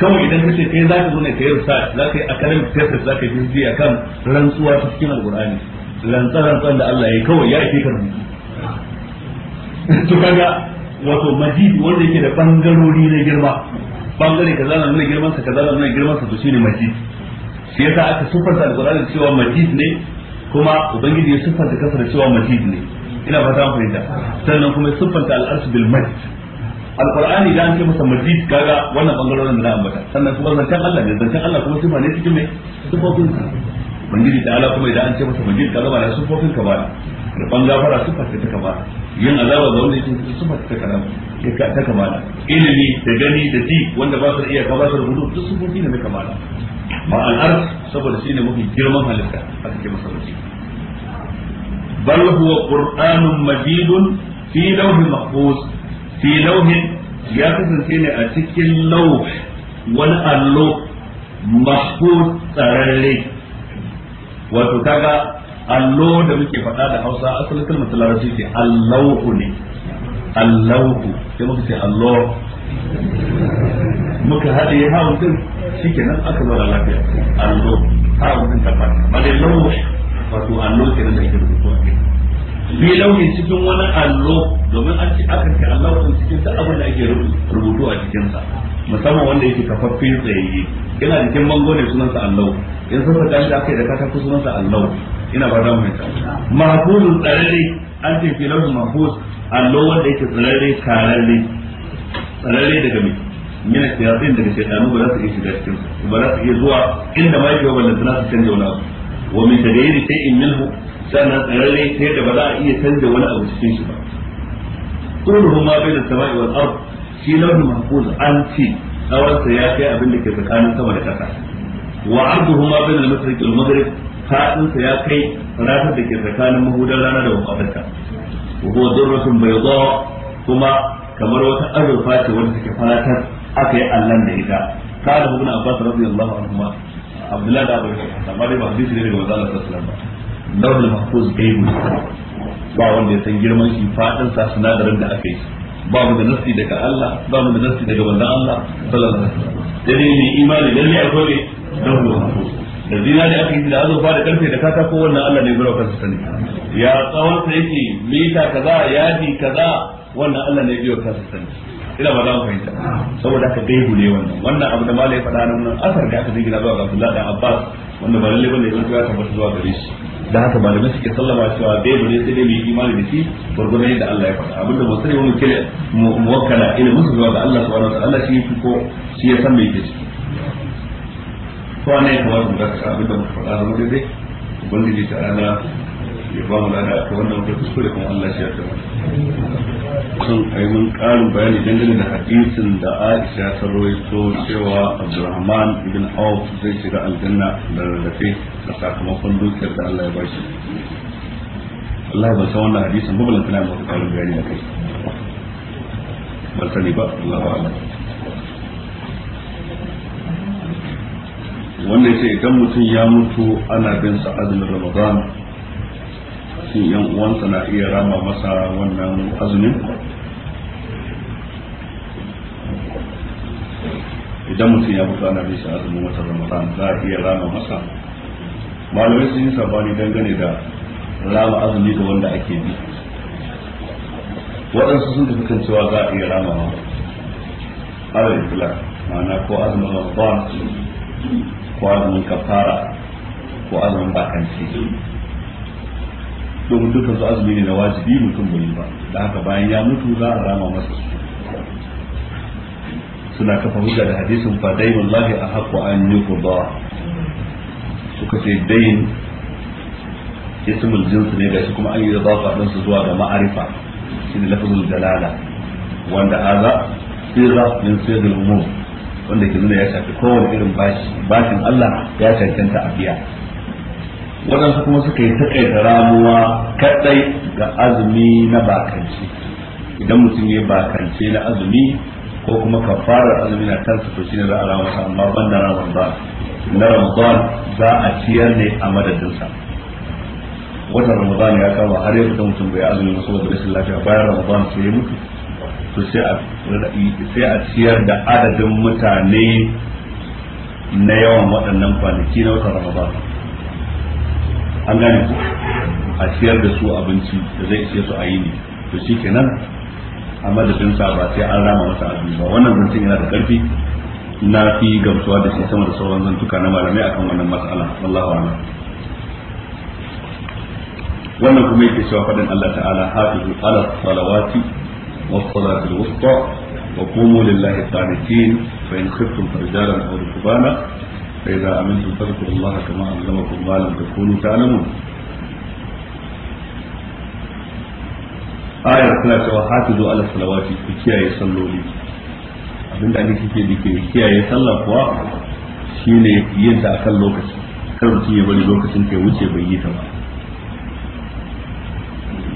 kawai idan kace kai za ka zo ne kai research za ka yi academic research za ka yi bincike akan rantsuwa cikin alqur'ani lantsaran da Allah ya kawai ya ishe ka to kaga wato majid wanda yake da bangarori na girma bangare kaza na nuna girman sa kaza na nuna girman sa to shine majid shi yasa aka sufanta alqur'ani cewa majid ne kuma ubangiji ya sufanta kansa da cewa majid ne ina fata an fahimta sannan kuma sufanta al'arsu bil majid alqur'ani da an ce masa majid kaga wannan bangarorin da na ambata sannan kuma zancen Allah ne zancen Allah kuma sifa ne cikin mai sifofin sa bangiji ta ala kuma idan an ce masa bangiji ta zama da sufofin ka ba da ban gafara sufa ta ka ba yin azaba ga wanda yake sufa ta ka ba ta ka ba ilimi da gani da ji wanda ba su iya ka ba su rubutu duk sufofi ne ba kamala ma al'ar saboda shi ne mafi girman halitta a cikin masarauci bal huwa qur'anun majidun fi lawhin mahfuz fi lawhin ya kasance ne a cikin lawh wani allo mahfuz tsararre wato kaga allo da muke faɗa da hausa asalin kalmar ta larabci ce allahu ne allahu sai muka ce allo muka haɗe hawan din ke nan aka zaura lafiya allo hawan din ta fata ba dai lau wato allo nan da ke rubutu a kai bi launi cikin wani allo domin an ce aka ke allahu cikin ta abin da ake rubutu a cikinsa musamman wanda yake kafaffin tsayayye ina jikin bango ne sunansa allau in sun fata shi aka yi da katako sunansa allau ina ba za mu yi mahfuzun tsararre an ce fi lauhin mahfuz allo wanda yake tsararre kararre tsararre daga mai mina shayatin daga shaytanu ba za su iya shiga cikin ba za su iya zuwa inda ma yake wannan tana su canja wani abu wa min tadayyiri shay'in minhu sannan tsararre ta da ba za a iya canja wani abu cikin shi ba kulluhu ma bayna samai wal ard shi lauhin mahfuz an ce tsawarsa ya kai abin da ke tsakanin sama da ƙasa wa arduhu ma bainal mashriqi wal maghrib fadinsa ya kai ranar da ke tsakanin mahudan rana da Afirka. wa huwa durratun bayda kuma kamar wata azurfa ce wanda take fatar aka yi allan da ita kada ibn abbas radiyallahu anhu abdullahi da abu amma dai ba hadisi ne daga manzo Allah sallallahu alaihi wasallam ba lawhul mahfuz gaibu ba wanda ya san girman shi fadinsa sinadarin da aka yi ba da nasi daga Allah ba da nasi daga wanda Allah sallallahu alaihi wasallam dai ne imani dan ne akwai ne dan ruwa da zinari aka yi da azurfa da karfe da katako wannan Allah ne bura kansa sani ya tsawon sa yake mita kaza yadi kaza wannan Allah ne biyo kansa sani ina ba za mu fahimta saboda haka dai ne wannan wannan abu da malai ya faɗa nan asar da aka jigila zuwa ga Abdullahi dan Abbas wanda ba lalle bane zan ya tabbata zuwa gare shi dan haka malamai suke sallama cewa gaibu ne sai dai mu yi imani da shi gurgurun yadda Allah ya faɗa abinda mu sani wani kire muwakkala ila musu zuwa ga Allah subhanahu wa ta'ala Allah shi yake ko shi ya san me yake ciki ko ne kamar mu ga abinda mu faɗa mu dai ubangiji ta'ala ya ba mu lada aka wannan muka kuskure kuma Allah shi ya tsama sun ai mun karin bayani dangane da hadisin da Aisha ta rawaito cewa Abdurrahman ibn Auf zai shiga aljanna da rarrafe da sakamakon dukiyar da Allah ya ba shi Allah ya ba san wannan hadisin ba balantana mu karin bayani da kai ban sani ba Allah ba'ala wannan ce idan mutum ya mutu ana bin sa azumin Ramadan shi yan uwansa na iya rama masa wannan azumin idan mutum ya fito ana bisa azumin watan ramadan za a iya rama masa malamai sun yi sabani dangane da rama azumi da wanda ake bi waɗansu sun tafi kan cewa za a iya rama ma ala fila ma'ana ko azumin ramadan ko azumin kafara ko azumin bakanci domin dukkan su azumi ne na wajibi mutum bai yi ba da haka bayan ya mutu za a rama masa su suna kafa hujja da hadisin fa dai wallahi a haƙƙo an yi kurba suka ce dain ismul jinsu ne gashi kuma an yi da zafa ɗansu zuwa ga ma'arifa shi ne lafazul dalala wanda haza sirra min sirrul umum wanda ke nuna ya shafi kowane irin bashi bashin Allah ya cancanta a biya waɗansu kuma suka yi da ramuwa kaɗai ga azumi na bakance idan mutum ya bakance na azumi ko kuma kafarar azumi na tarsa to shine za a rama sa amma ban da ba. na ramadan za a ciyar ne a madadinsa watan ramadan ya kama har yau da mutum bai azumi ba saboda rashin lafiya bayan ramadan sai ya mutu to sai a ciyar da adadin mutane na yawan waɗannan kwanaki na watan ramadan an gane a ciyar da su abinci da zai siya su a yi ne to shi kenan a madadin sa ba sai an rama masa abin ba wannan zancen yana da karfi na fi gamsuwa da shi sama da sauran zantuka na malamai akan wannan matsala wa ala. wannan kuma yake cewa fadin Allah ta'ala hafizu ala salawati wa salati al-wusta wa qumu lillahi qanitin fa in khiftum farjalan aw rukbana فإذا أمنتم فاذكروا الله كما علمكم ما لم تكونوا تعلمون ayar tana cewa hafizu ala salawati ku kiyaye salloli abinda ake kike da ke kiyaye sallah kuwa shine yin ta akan lokaci kar mutum ya bari lokacin ta wuce bai yi ta ba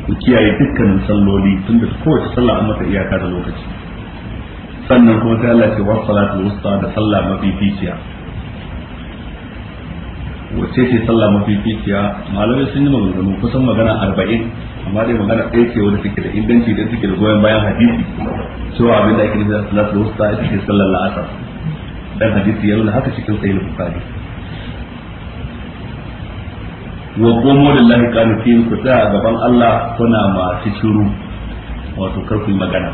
ku kiyaye dukkanin salloli tunda kowace sallah an mata iyaka da lokaci sannan kuma sai Allah ce da sallah mafificiya wacce ce sallah mafi mafificiya malamai sun yi maganganu kusan magana arba'in amma dai magana ɗaya ce wadda take da inganci da take da goyon bayan hadisi cewa abin da ake nufi da salatu wusta ita ce sallar la'asa dan hadisi ya nuna haka cikin na bukhari wa qumu lillahi qanitin ku tsaya a gaban Allah kuna masu shiru wato karfi magana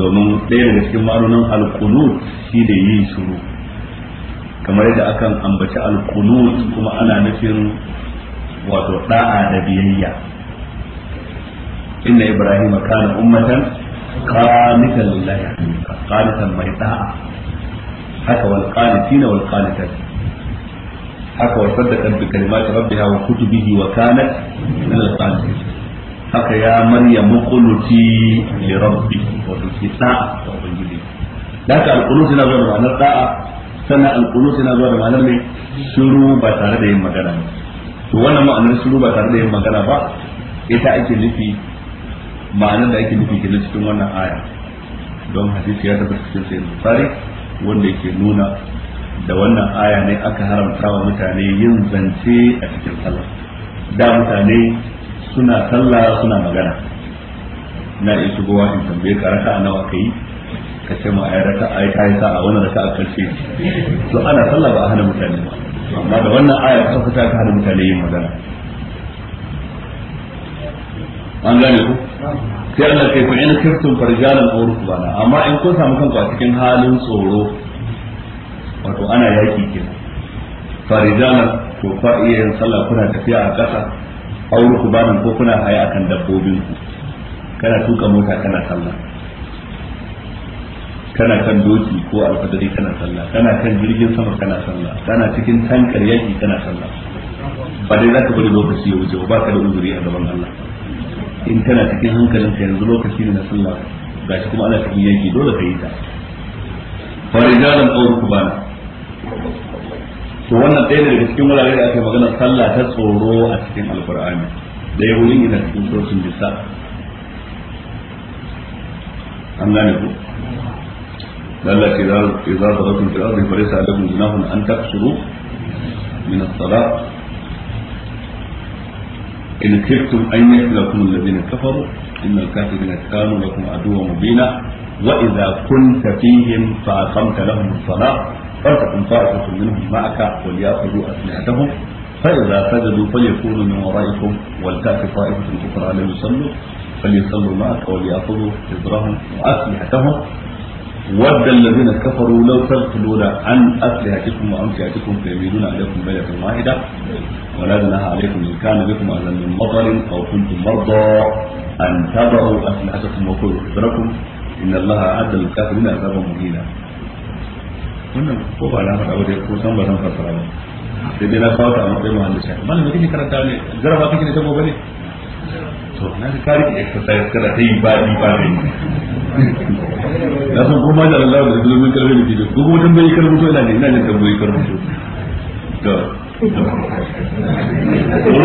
domin ɗaya daga cikin ma'anonin alkunut shi da yin shuru. kamar yadda akan ambaci alkunut kuma ana nufin wato da'a da biyayya inna ibrahima kana ummatan qanitan lillahi qanitan mai da'a haka wal qanitina wal qanitat haka wa saddaqat bi kalimati rabbiha wa kutubihi wa kanat min al qanitin haka ya maryamu qunuti li rabbi wa tuqita wa ubangiji da haka al qunut yana zuwa ma'anar da'a sannan alqunut yana zuwa da ma'anar ne shiru ba tare da yin magana ba to wannan ma'anar shiru ba tare da yin magana ba ita ake nufi ma'anar da ake nufi kenan cikin wannan aya don hadisi ya tabbata cikin sayyid bukhari wanda yake nuna da wannan aya ne aka haramta wa mutane yin zance a cikin sallah da mutane suna sallah suna magana na iya shigowa in tambaye ka raka'a nawa kai ka ce ma ai raka ai kai sa a wannan raka a karshe to ana sallah ba a hana mutane ba amma da wannan aya ta fita ta hana mutane yin magana an gane ku sai Allah ke ku ina kirtum farjalan aw rukbana amma in kun samu kanku a cikin halin tsoro wato ana yaki kenan farjalan to fa iya yin sallah kuna tafiya a ƙasa ku bana, ko kuna haya akan dabbobin ku kana tuka mota kana sallah kana kan doki ko alfadari kana sallah kana kan jirgin sama kana sallah kana cikin tankar yaki kana sallah ba dai zaka bari lokaci ya wuce ba ka da uzuri a gaban Allah in kana cikin ka yanzu lokaci ne na sallah shi kuma ana cikin yaki dole ka yi ta farijalan aw bana. to wannan ɗaya daga cikin wurare da ake magana sallah ta tsoro a cikin alqur'ani da ya wurin ina cikin sosin bisa an gane ku لك إذا إذا ضربتم في الأرض فليس عليكم جناح أن تقصروا من الصلاة إن كفتم أن يأكلكم الذين كفروا إن الكافرين كانوا لكم عدوا مبينا وإذا كنت فيهم فأقمت لهم الصلاة فلتكن طائفة منهم معك وليأخذوا أسلحتهم فإذا سجدوا فليكونوا من ورائكم ولتأت طائفة أخرى لم يصلوا فليصلوا معك وليأخذوا حذرهم وأسلحتهم ود الذين كفروا لو تغفلون عن أسلحتكم وأمتعتكم فيميلون عليكم ميلة واحدة ولا جناح عليكم إن كان بكم أذى من مطر أو كنتم مرضى أن تضعوا أسلحتكم وخذوا حذركم إن الله أعد للكافرين عذابا مهينا wannan ko ba na faɗa wajen ko san ba san fassara ba sai dai na kawo ta a matsayin mahallin shafi malamin kake karanta ne jarabawa kake da ta gobe ne to na ga kari exercise kada ta yi baɗi ba da yi na san kuma da Allah da zulumin kalmar da ke da kuma wajen bai kalmar ina ne ina jin tambayi kalmar to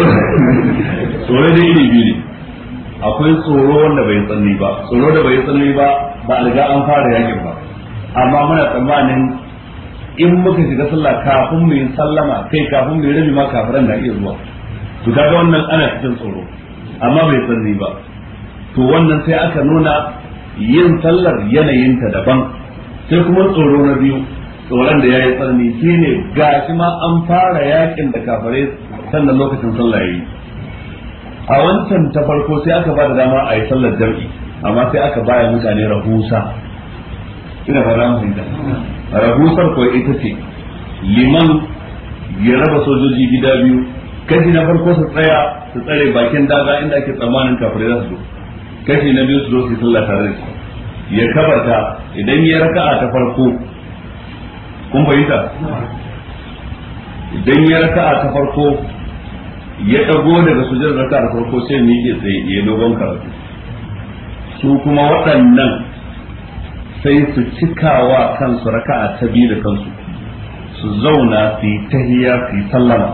tsoro dai ne biyu ne akwai tsoro wanda bai tsanni ba tsoro da bai tsanni ba ba a riga an fara yakin ba amma muna tsammanin in muka shiga sallah kafin mu yi sallama kai kafin mu yi rabi ma kafiran da iya zuwa to kaga wannan ana cikin tsoro amma bai san ni ba to wannan sai aka nuna yin sallar yanayinta daban sai kuma tsoro na biyu tsoron da ya yi tsarni shine gashi ma an fara yakin da kafare sannan lokacin sallah yayi a wancan ta farko sai aka ba da dama a yi sallar jam'i amma sai aka baya mutane rahusa ina ba mu fahimta rahusar ko ita ce liman ya raba sojoji gida biyu kaji na farko su tsaya su tsare bakin daga inda ake tsammanin kafirai za su zo kashi na biyu su zo su sallah tare da shi ya kabarta idan ya raka'a ta farko kun fahimta idan ya raka'a ta farko ya dago daga sujjar raka'a ta farko sai ne ke tsaye ya dogon karatu su kuma waɗannan sai su cikawa kansu raka'a ta biyu da kansu su zauna su yi tahiya su yi sallama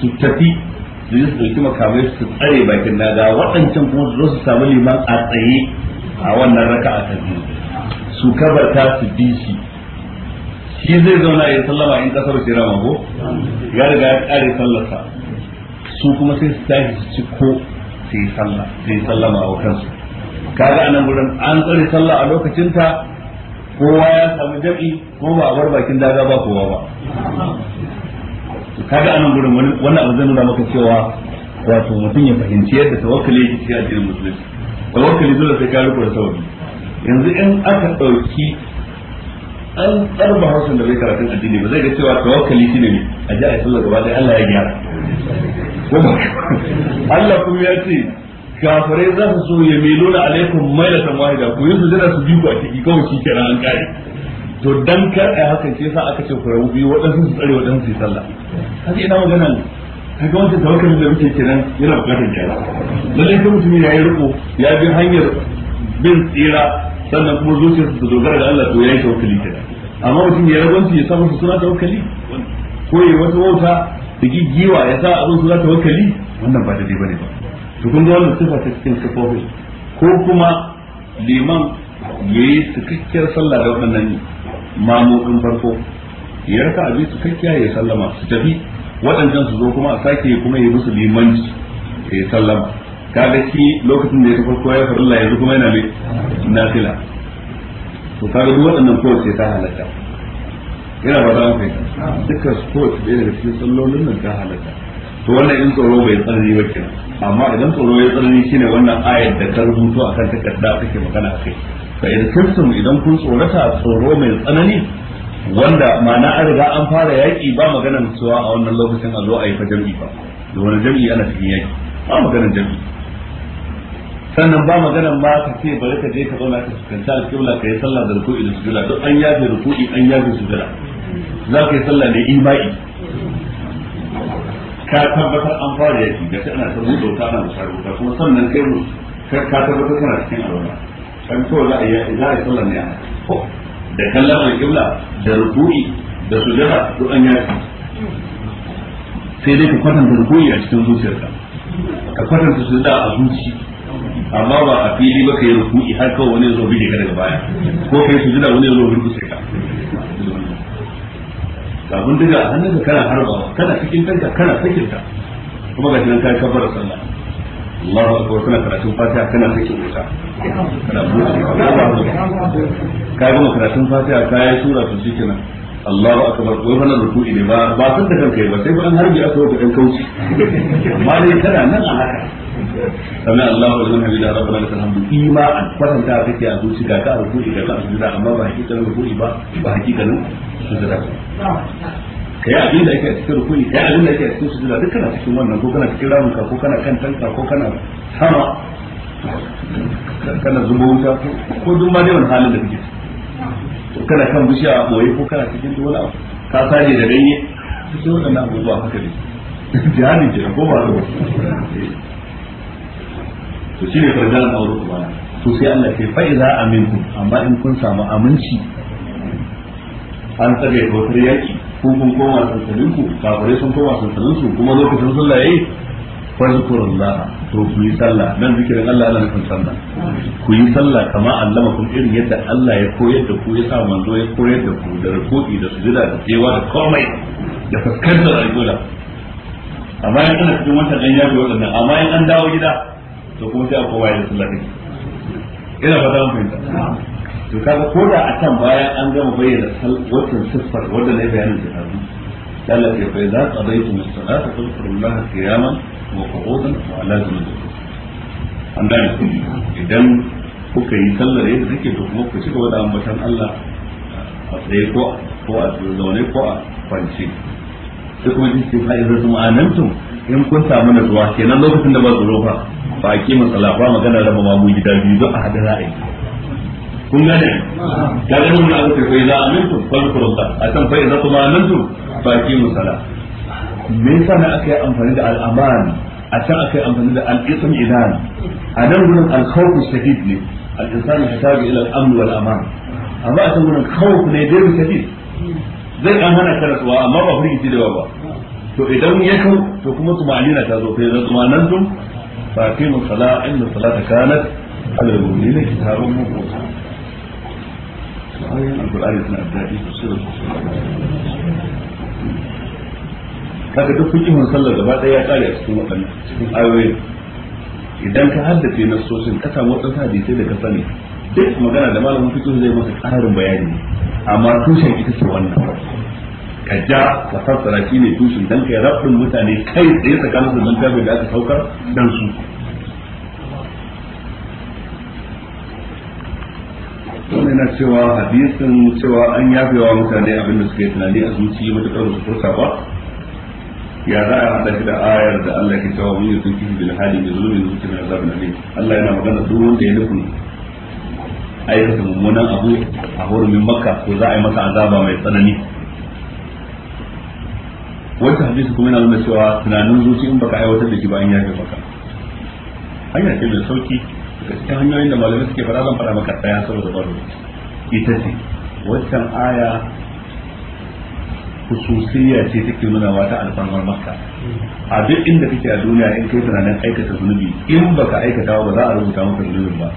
su tafi su yi su ɗauki makamai su tsare bakin naga waɗancan kuma su zo su samu liman a tsaye a wannan raka a ta biyu su kabarta su bi shi shi zai zauna ya sallama in kasar shi rama ko ya riga ya ƙare sallarsa su kuma sai su tashi su ci ko su yi sallama a kansu kaga anan gudun an tsare sallah a lokacinta kowa ya samu jam'i ko ba a bar bakin daga ba kowa ba kaga anan gurin wannan abu zai nuna maka cewa wato mutum ya fahimci yadda tawakkali yake cikin addinin musulunci tawakkali dole sai ka riko da tawakkali yanzu in aka dauki an tsarba hausa da bai karatun addini ba zai ga cewa tawakkali shine ne a ji a sallar gaba dai Allah ya gyara Allah kuma ya ce kafirai za su so ya melona alaikum mailatan wahida ku yi su jira su biyu a ciki kawai shi kenan an kare to dan kar ai hakan shi yasa aka ce kurawu biyu waɗansu su tsare waɗansu su sallah haka ina magana kaga wancan tawakkalin da muke kenan yana bukatar kyara lalle ko mutum ya yi riko ya bi hanyar bin tsira sannan kuma zuciyarsa ta dogara da Allah to yayi tawakkali kenan amma mutum ya ragonci ya samu suna tawakkali ko ya wata wauta da gigiwa ya sa zo suna tawakkali wannan ba daidai bane ba to kun ga wannan sifa ta cikin sifofi ko kuma liman yayi cikakkiyar sallah da waɗannan mamomin farko ya raka abin su kakkiya ya sallama su tafi waɗancan su zo kuma a sake kuma ya musu limanci ya sallama ga shi lokacin da ya ta farko ya farilla yanzu kuma yana mai nafila to ga duk waɗannan kowace ta halatta yana ba za mu kai dukkan su kowace ɗaya da cikin sallolin nan ta halatta to wannan in tsoro bai tsanani ba kenan amma idan tsoro ya tsanani shine wannan ayar da ta rubuto akan takarda take magana kai. fa in kuntum idan kun tsorata tsoro mai tsanani wanda ma'ana an riga an fara yaki ba maganar cewa a wannan lokacin a zo a yi fa ba da wani jam'i ana cikin yaki ba maganar jami'i sannan ba maganar ma ka ce bari ka je ka zauna ka fuskanta alƙibla ka yi sallah da ruku'i da sujuda duk an yafe ruku'i an yafe sujuda za ka yi sallah ne imai ka tabbatar an fara yaki ga ana ta rubuta ana musarauta kuma sannan kai ka tabbatar kana cikin alwala kan kawai za a yi za a yi sallar ne a da kallon alƙibla da rukuni da sujada duk an yi sai dai ka kwatanta rukuni a cikin zuciyarka ka kwatanta sujada a zuci amma ba a fili ba ka yi rukuni har kawai wani zo bige ka daga baya ko kai sujada wani zo rubuce ka kafin daga hannunka kana harbawa kana cikin kanka kana sakinta kuma ga shi nan ka kabbara sallah Allahu akbar kana karatun Fatiha kana sakin wuta kana buɗe ka gama karatun Fatiha ka yi sura to shikenan Allahu akbar wai wannan ruku'i ne ba ba san da kanka ba sai ba harbi aka wata dan kauci amma dai kana nan a haka sannan Allahu wa lillahi da rabbana lakal hamdu ima'an kwatanta kake a zuci ga ka ruku'i ga ka sujuda amma ba hakikanin ruku'i ba ba hakikanin sujuda kai abin da yake a cikin rukuni kai abin da yake a cikin sujuda duk kana cikin wannan ko kana cikin ramunka ko kana kan tanka ko kana sama kana zuba wuta ko duk ma dai wani halin da kake to kana kan bishiya a boye ko kana cikin dole abu ka saje da ganye su ce waɗannan abubuwa haka ne jihadin ke ko ba ruwa to shi ne farjan aure ku bana to sai Allah ke fa'iza aminku amma in kun samu aminci an tsare bautar yaki ku kun koma sansanin ku kafirai sun koma sansanin su kuma lokacin sallah yayi fazkurullah to ku yi sallah dan zikirin Allah ana nufin sallah ku yi sallah kama allama kun irin yadda Allah ya koyar da ku ya sa manzo ya koyar da ku da rukuki da sujuda da tsewa da komai da fuskantar alƙibla amma in kana cikin wata dan yafi wadannan amma in an dawo gida to kuma sai a kowa ya sallah ina fata mun fahimta to kaga ko da a can bayan an gama bayyana wancan siffar wanda ne bayanin da hannu Allah ya bai za ka bai ku musallata kullullahi qiyaman wa qu'udan wa ala junubi an gane idan kuka yi sallar yadda take to kuma ku cika gaba ambatan Allah a tsaye ko ko a zaune ko a kwance sai kuma jinsi fa idan zama anantum in kun samu zuwa kenan lokacin da ba tsoro fa ba a kima salafa magana da mamamu gida biyu don a hada ra'ayi kun gane ka ga mun aka ce fa idza amintum fadhkurullah akan fa idza kuma amintum fa aqimu salat me yasa ne aka yi amfani da al'amani a can aka yi amfani da al'ism idan a nan gurin al-khawf shadid ne al-insan yahtaji ila al-amn wal aman amma a can gurin khawf ne da shadid zai an hana ka amma ba firgici da ba to idan ya kau to kuma tumanina ta zo fa idza tumanantum fa aqimu salat inna salata kanat على المؤمنين كتابا موقوتا ayoyin alkur'ani suna daɗi sosai da kaga duk fikihun sallar gaba ɗaya ya ƙare a cikin waɗannan cikin ayoyin idan ka haddace na sosin ka samu hadisai da ka sani duk magana da malamin fikin zai masa ƙarin bayani amma tushen ita ce wannan ka ja ka fassara shi ne tushen dan kai rabbin mutane kai tsaye tsakanin da dan da aka saukar dan su wannan yana cewa hadisin cewa an yafe wa mutane abin da suka yi tunani a zuci mata matuƙar su furta ba ya za a haɗa shi da ayar da Allah ke cewa mun yi tunki bil hali bi zulmi zuci na azabin Allah yana magana duk wanda ya nufin aikata mummunan abu a hurumin makka ko za a yi masa azaba mai tsanani wancan hadisi kuma yana nuna cewa tunanin zuci in baka aiwatar da shi ba an yafe maka hanya ce mai sauki ta hanyoyin da malamai suke fara zan fara maka daya saboda baro ita ce waccan aya hususiyya ce take nuna wata alfarmar makka a duk inda kake a duniya in kai tunanin aikata zunubi in baka aikata ba za a rubuta maka zunubin ba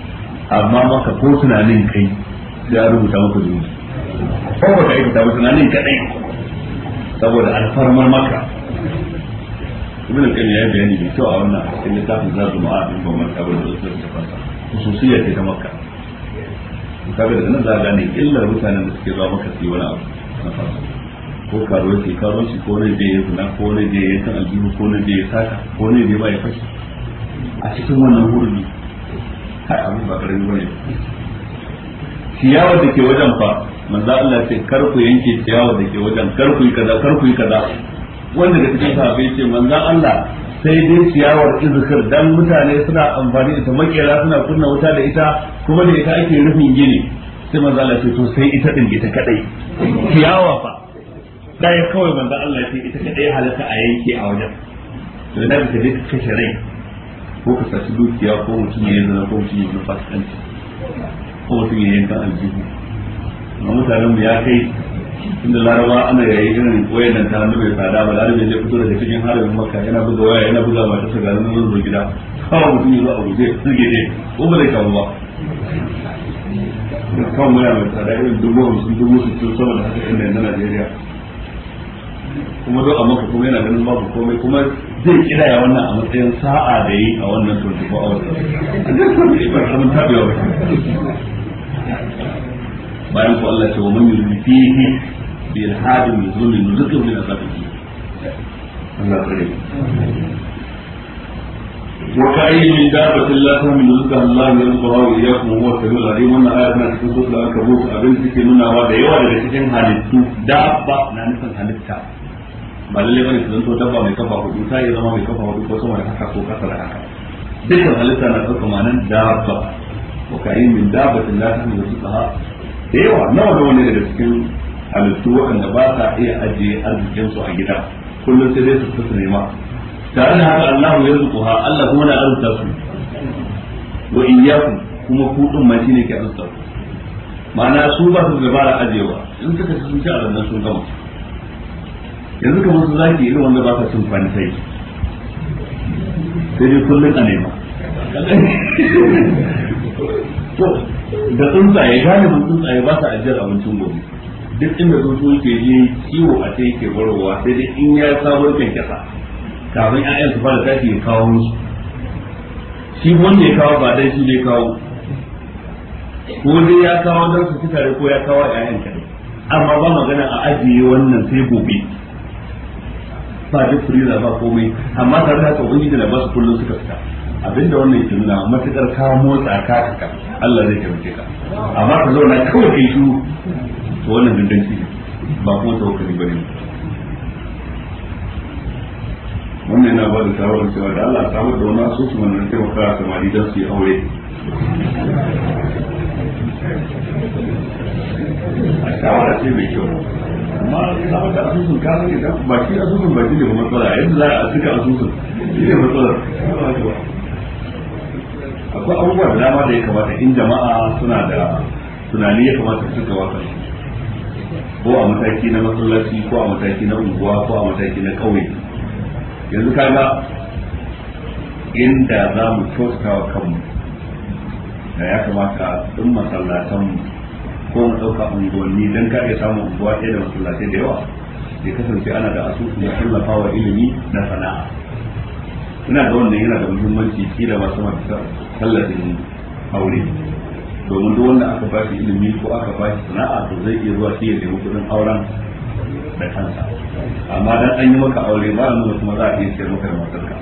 amma maka ko tunanin kai za a rubuta maka zunubi ko baka aikata ba tunanin kadai saboda alfarmar makka ibn al-qayyim ya bayani da cewa a wannan a cikin littafin zazu ma'a din ba kabar ba da wasu da fata khususiyya ce ta makka kabar da nan za a gane illar mutanen da suke zuwa makka su wani abu na ko karo yake karo shi ko ne da ya zina ko ne da ya san aljihu ko ne da ya saka ko ne da ya bai fashi a cikin wannan hurbi har abin ba karami ne. ciyawar da ke wajen fa manzo Allah ce kar ku yanke ciyawar da ke wajen kar ku yi kaza kar ku yi kaza wanda da cikin sahabbai ce manzan Allah sai dai ciyawar izkir dan mutane suna amfani da ta makera suna kunna wuta da ita kuma da ita ake rufin gini sai manzan Allah ce to sai ita din ita kadai ciyawa fa dai kawai manzan Allah ce ita kadai halatta a yanke a wajen to da ka dai ta rai ko ka saci dukiya ko mutum ya yanzu ko mutum ya fasikanci ko mutum ya yanka aljihu amma mutanen mu ya kai inda laraba ana yayi irin koyar da ta hannu bai tsada ba larabe zai fito da cikin harin makka yana buga waya yana buga mata ta garin nan zuwa gida kawai mutum ya zo a guje sirge ne ko ba zai kawo ba kan muna mai tsada irin dubu hamsin dubu sittin sama da haka inda yanzu najeriya kuma zo a maka kuma yana ganin babu komai kuma zai kira ya wannan a matsayin sa'a da yi a wannan 24 hours a zai samun bayan ku Allah ce wa man yurdi fihi bi ilhadin yuzlil nuzuqu min azabihi Allah kare وكأي من دابة لا تهمل رزقها الله يرزقها وإياكم وهو السميع العليم wannan ayar na cikin sura al-kabut abin da ke nuna wa da yawa daga cikin halittu dabba na nufin halitta ba lalle bane su zanto dabba mai kafa hudu ta yi zama mai kafa hudu ko sama da haka ko kasa da haka dukkan halitta na ɗaukar manan dabba wa ka'in min dabbatin la tahmilu rizqaha da yawa nawa nawa ne daga cikin halittu waɗanda ba sa iya ajiye arzikinsu a gida kullum sai dai su fita nema tare da haka Allah ya zuku ha Allah kuma na arzuta su wa iyyakum kuma ku din mai shine ke arzuta su ma'ana su ba su dabara ajewa in suka ci sun ci a ranar sun gama yanzu kamar su zaki irin wanda ba sa cin kwantai sai dai kullum a nema da tsuntsaye galibin tsuntsaye ba sa ajiyar abincin gobe duk inda tsuntsu ke je ciwo a sai ke barowa sai dai in ya samu kyankyasa kafin ƴaƴan su fara tashi ya kawo musu shi wanda ya kawo ba dai shi ne kawo ko dai ya kawo don su ci tare ko ya kawo ƴaƴan kadai amma ba magana a ajiye wannan sai gobe ba duk firiza ba komai amma tare da haka ubangiji da ba su kullum suka fita abinda wannan ke nuna matukar ka motsa ka ka Allah zai taimake ka amma ka zauna kawai kai shiru to wannan dandanci ba kuma tawakkali bane wannan yana ba da shawarar cewa da Allah ta da wani asusu wannan taimaka a samari don su yi aure a shawara ce mai kyau amma samar da asusun ka sani ba shi asusun ba shi ne matsala yadda za a cika asusun shi ne matsalar akwai abubuwa da dama da ya kamata in jama'a suna da tunani ya kamata su ga wata ko a mataki na masallaci ko a mataki na unguwa ko a mataki na kauye yanzu kaga inda za mu tosta wa kanmu da ya kamata in masallatanmu ko mu ɗauka unguwanni don ka iya samun unguwa ɗaya da masallatai da yawa ya kasance ana da asusun da tallafa wa ilimi na sana'a suna da wannan yana da muhimmanci da ba sama ta tallafin aure domin duk wanda aka ba shi ilimi ko aka ba shi sana'a to zai iya zuwa shi ya nemi kudin auren da kansa amma dan an yi maka aure ba nuna kuma za a iya sayar maka da matarka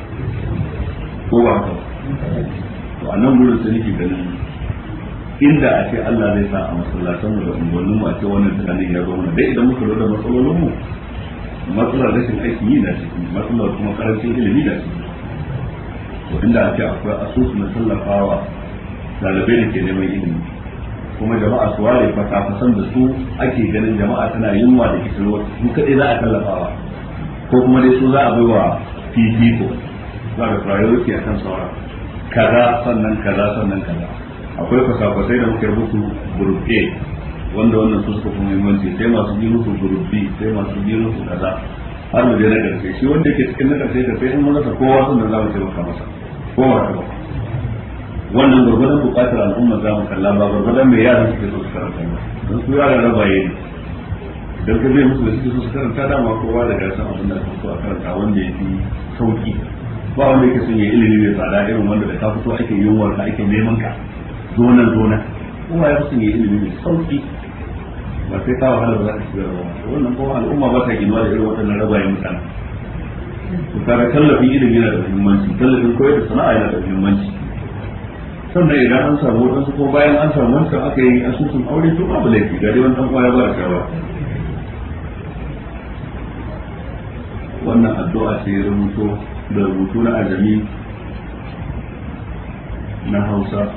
ko ba ka to a nan gurin sun yake ganin inda a ce Allah zai sa a masallatanmu da unguwannin mu a ce wannan tunanin ya zo mana dai idan muka lura da matsalolin mu matsalar rashin aikin yi da shi matsalar kuma karancin ilimi da shi to inda ake akwai asusu na tallafawa dalibai da ke neman ilimi kuma jama'a su ware fasafasan da su ake ganin jama'a tana yunwa da kisirwa su kaɗai za a tallafawa ko kuma dai su za a bai wa fifiko za a priority a kan saura. kaza sannan kaza sannan kaza akwai fasafasai da muka rubutu group A wanda wannan su suka fi muhimmanci sai masu biyu musu group B sai masu biyu musu kaza har mu je na ƙarfe shi wanda yake cikin na ƙarfe da sai in mun rasa kowa sun da za mu taimaka masa kowa ta ba wannan gurgurdan buƙatar al'umma za mu kalla ba gurgurdan mai yaran suke so su karanta ba don su yaran rabaye ne idan ka zai musu da suke so su karanta dama kowa da garsan abin da so a karanta wanda ya fi sauki ba wanda yake son ya ilimi mai tsada irin wanda da ka fito ake yunwar ka ake neman ka zonan zonan kowa ya fi son ya ilimi mai sauki ba sai ta wahala ba za ta shiga rawa wannan kuma al'umma ba ta ginuwa da irin waɗannan rabayen mutane to kaga tallafin ilimi yana da muhimmanci tallafin koyar da sana'a yana da muhimmanci sannan idan an samu wadansu ko bayan an samu wancan aka yi asusun aure to babu laifi ga dai wani ɗan kwaya ba da shawara wannan addu'a ce rubuto da rubutu na azami na hausa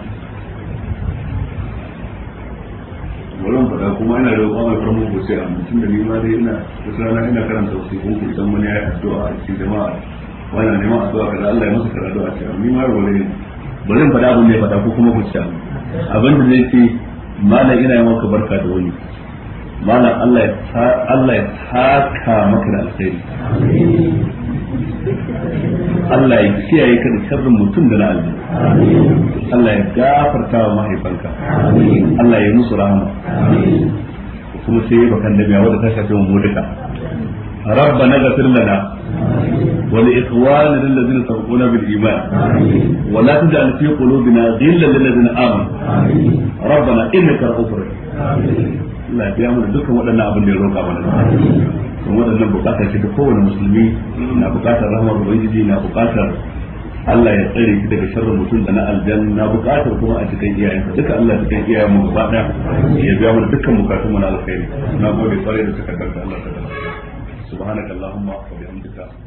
wurin faɗa kuma ina roƙon mai farmu ko sai a mutum da ni nima dai ina wasu rana ina karanta wasu kun ku idan wani ya yi addu'a a cikin jama'a wani na neman addu'a kaza Allah ya masa kaza addu'a ce amma ma roƙon ne bari in faɗa abin da ya faɗa ko kuma ku ci abu abin da zai ce malam ina yi maka barka da wani malam Allah Allah ya taka maka da alkhairi Allah ya kiyaye ka da sharrin mutum da na alji Allah ya gafarta wa mahaifanka Allah ya musu rahama kuma sai ya bakan da biya wadda ta shafi mu duka ربنا اغفر لنا ولإخواننا الذين سبقونا بالإيمان ولا تجعل في قلوبنا غلا للذين آمنوا ربنا إنك رؤوف رحيم Allah biya mu da dukkan waɗannan abin da ya roƙa mana don waɗannan bukata ce ta kowane musulmi na bukatar rahmar ubangiji na bukatar Allah ya tsare shi daga sharrin mutum da na aljanna bukatar kuma a cikin iyayensa duka Allah cikin iyayen mu gaba daya ya biya mana dukkan bukatun mu na alkhairi na gode kwarai da takardar da Allah ta subhanakallahumma wa bihamdika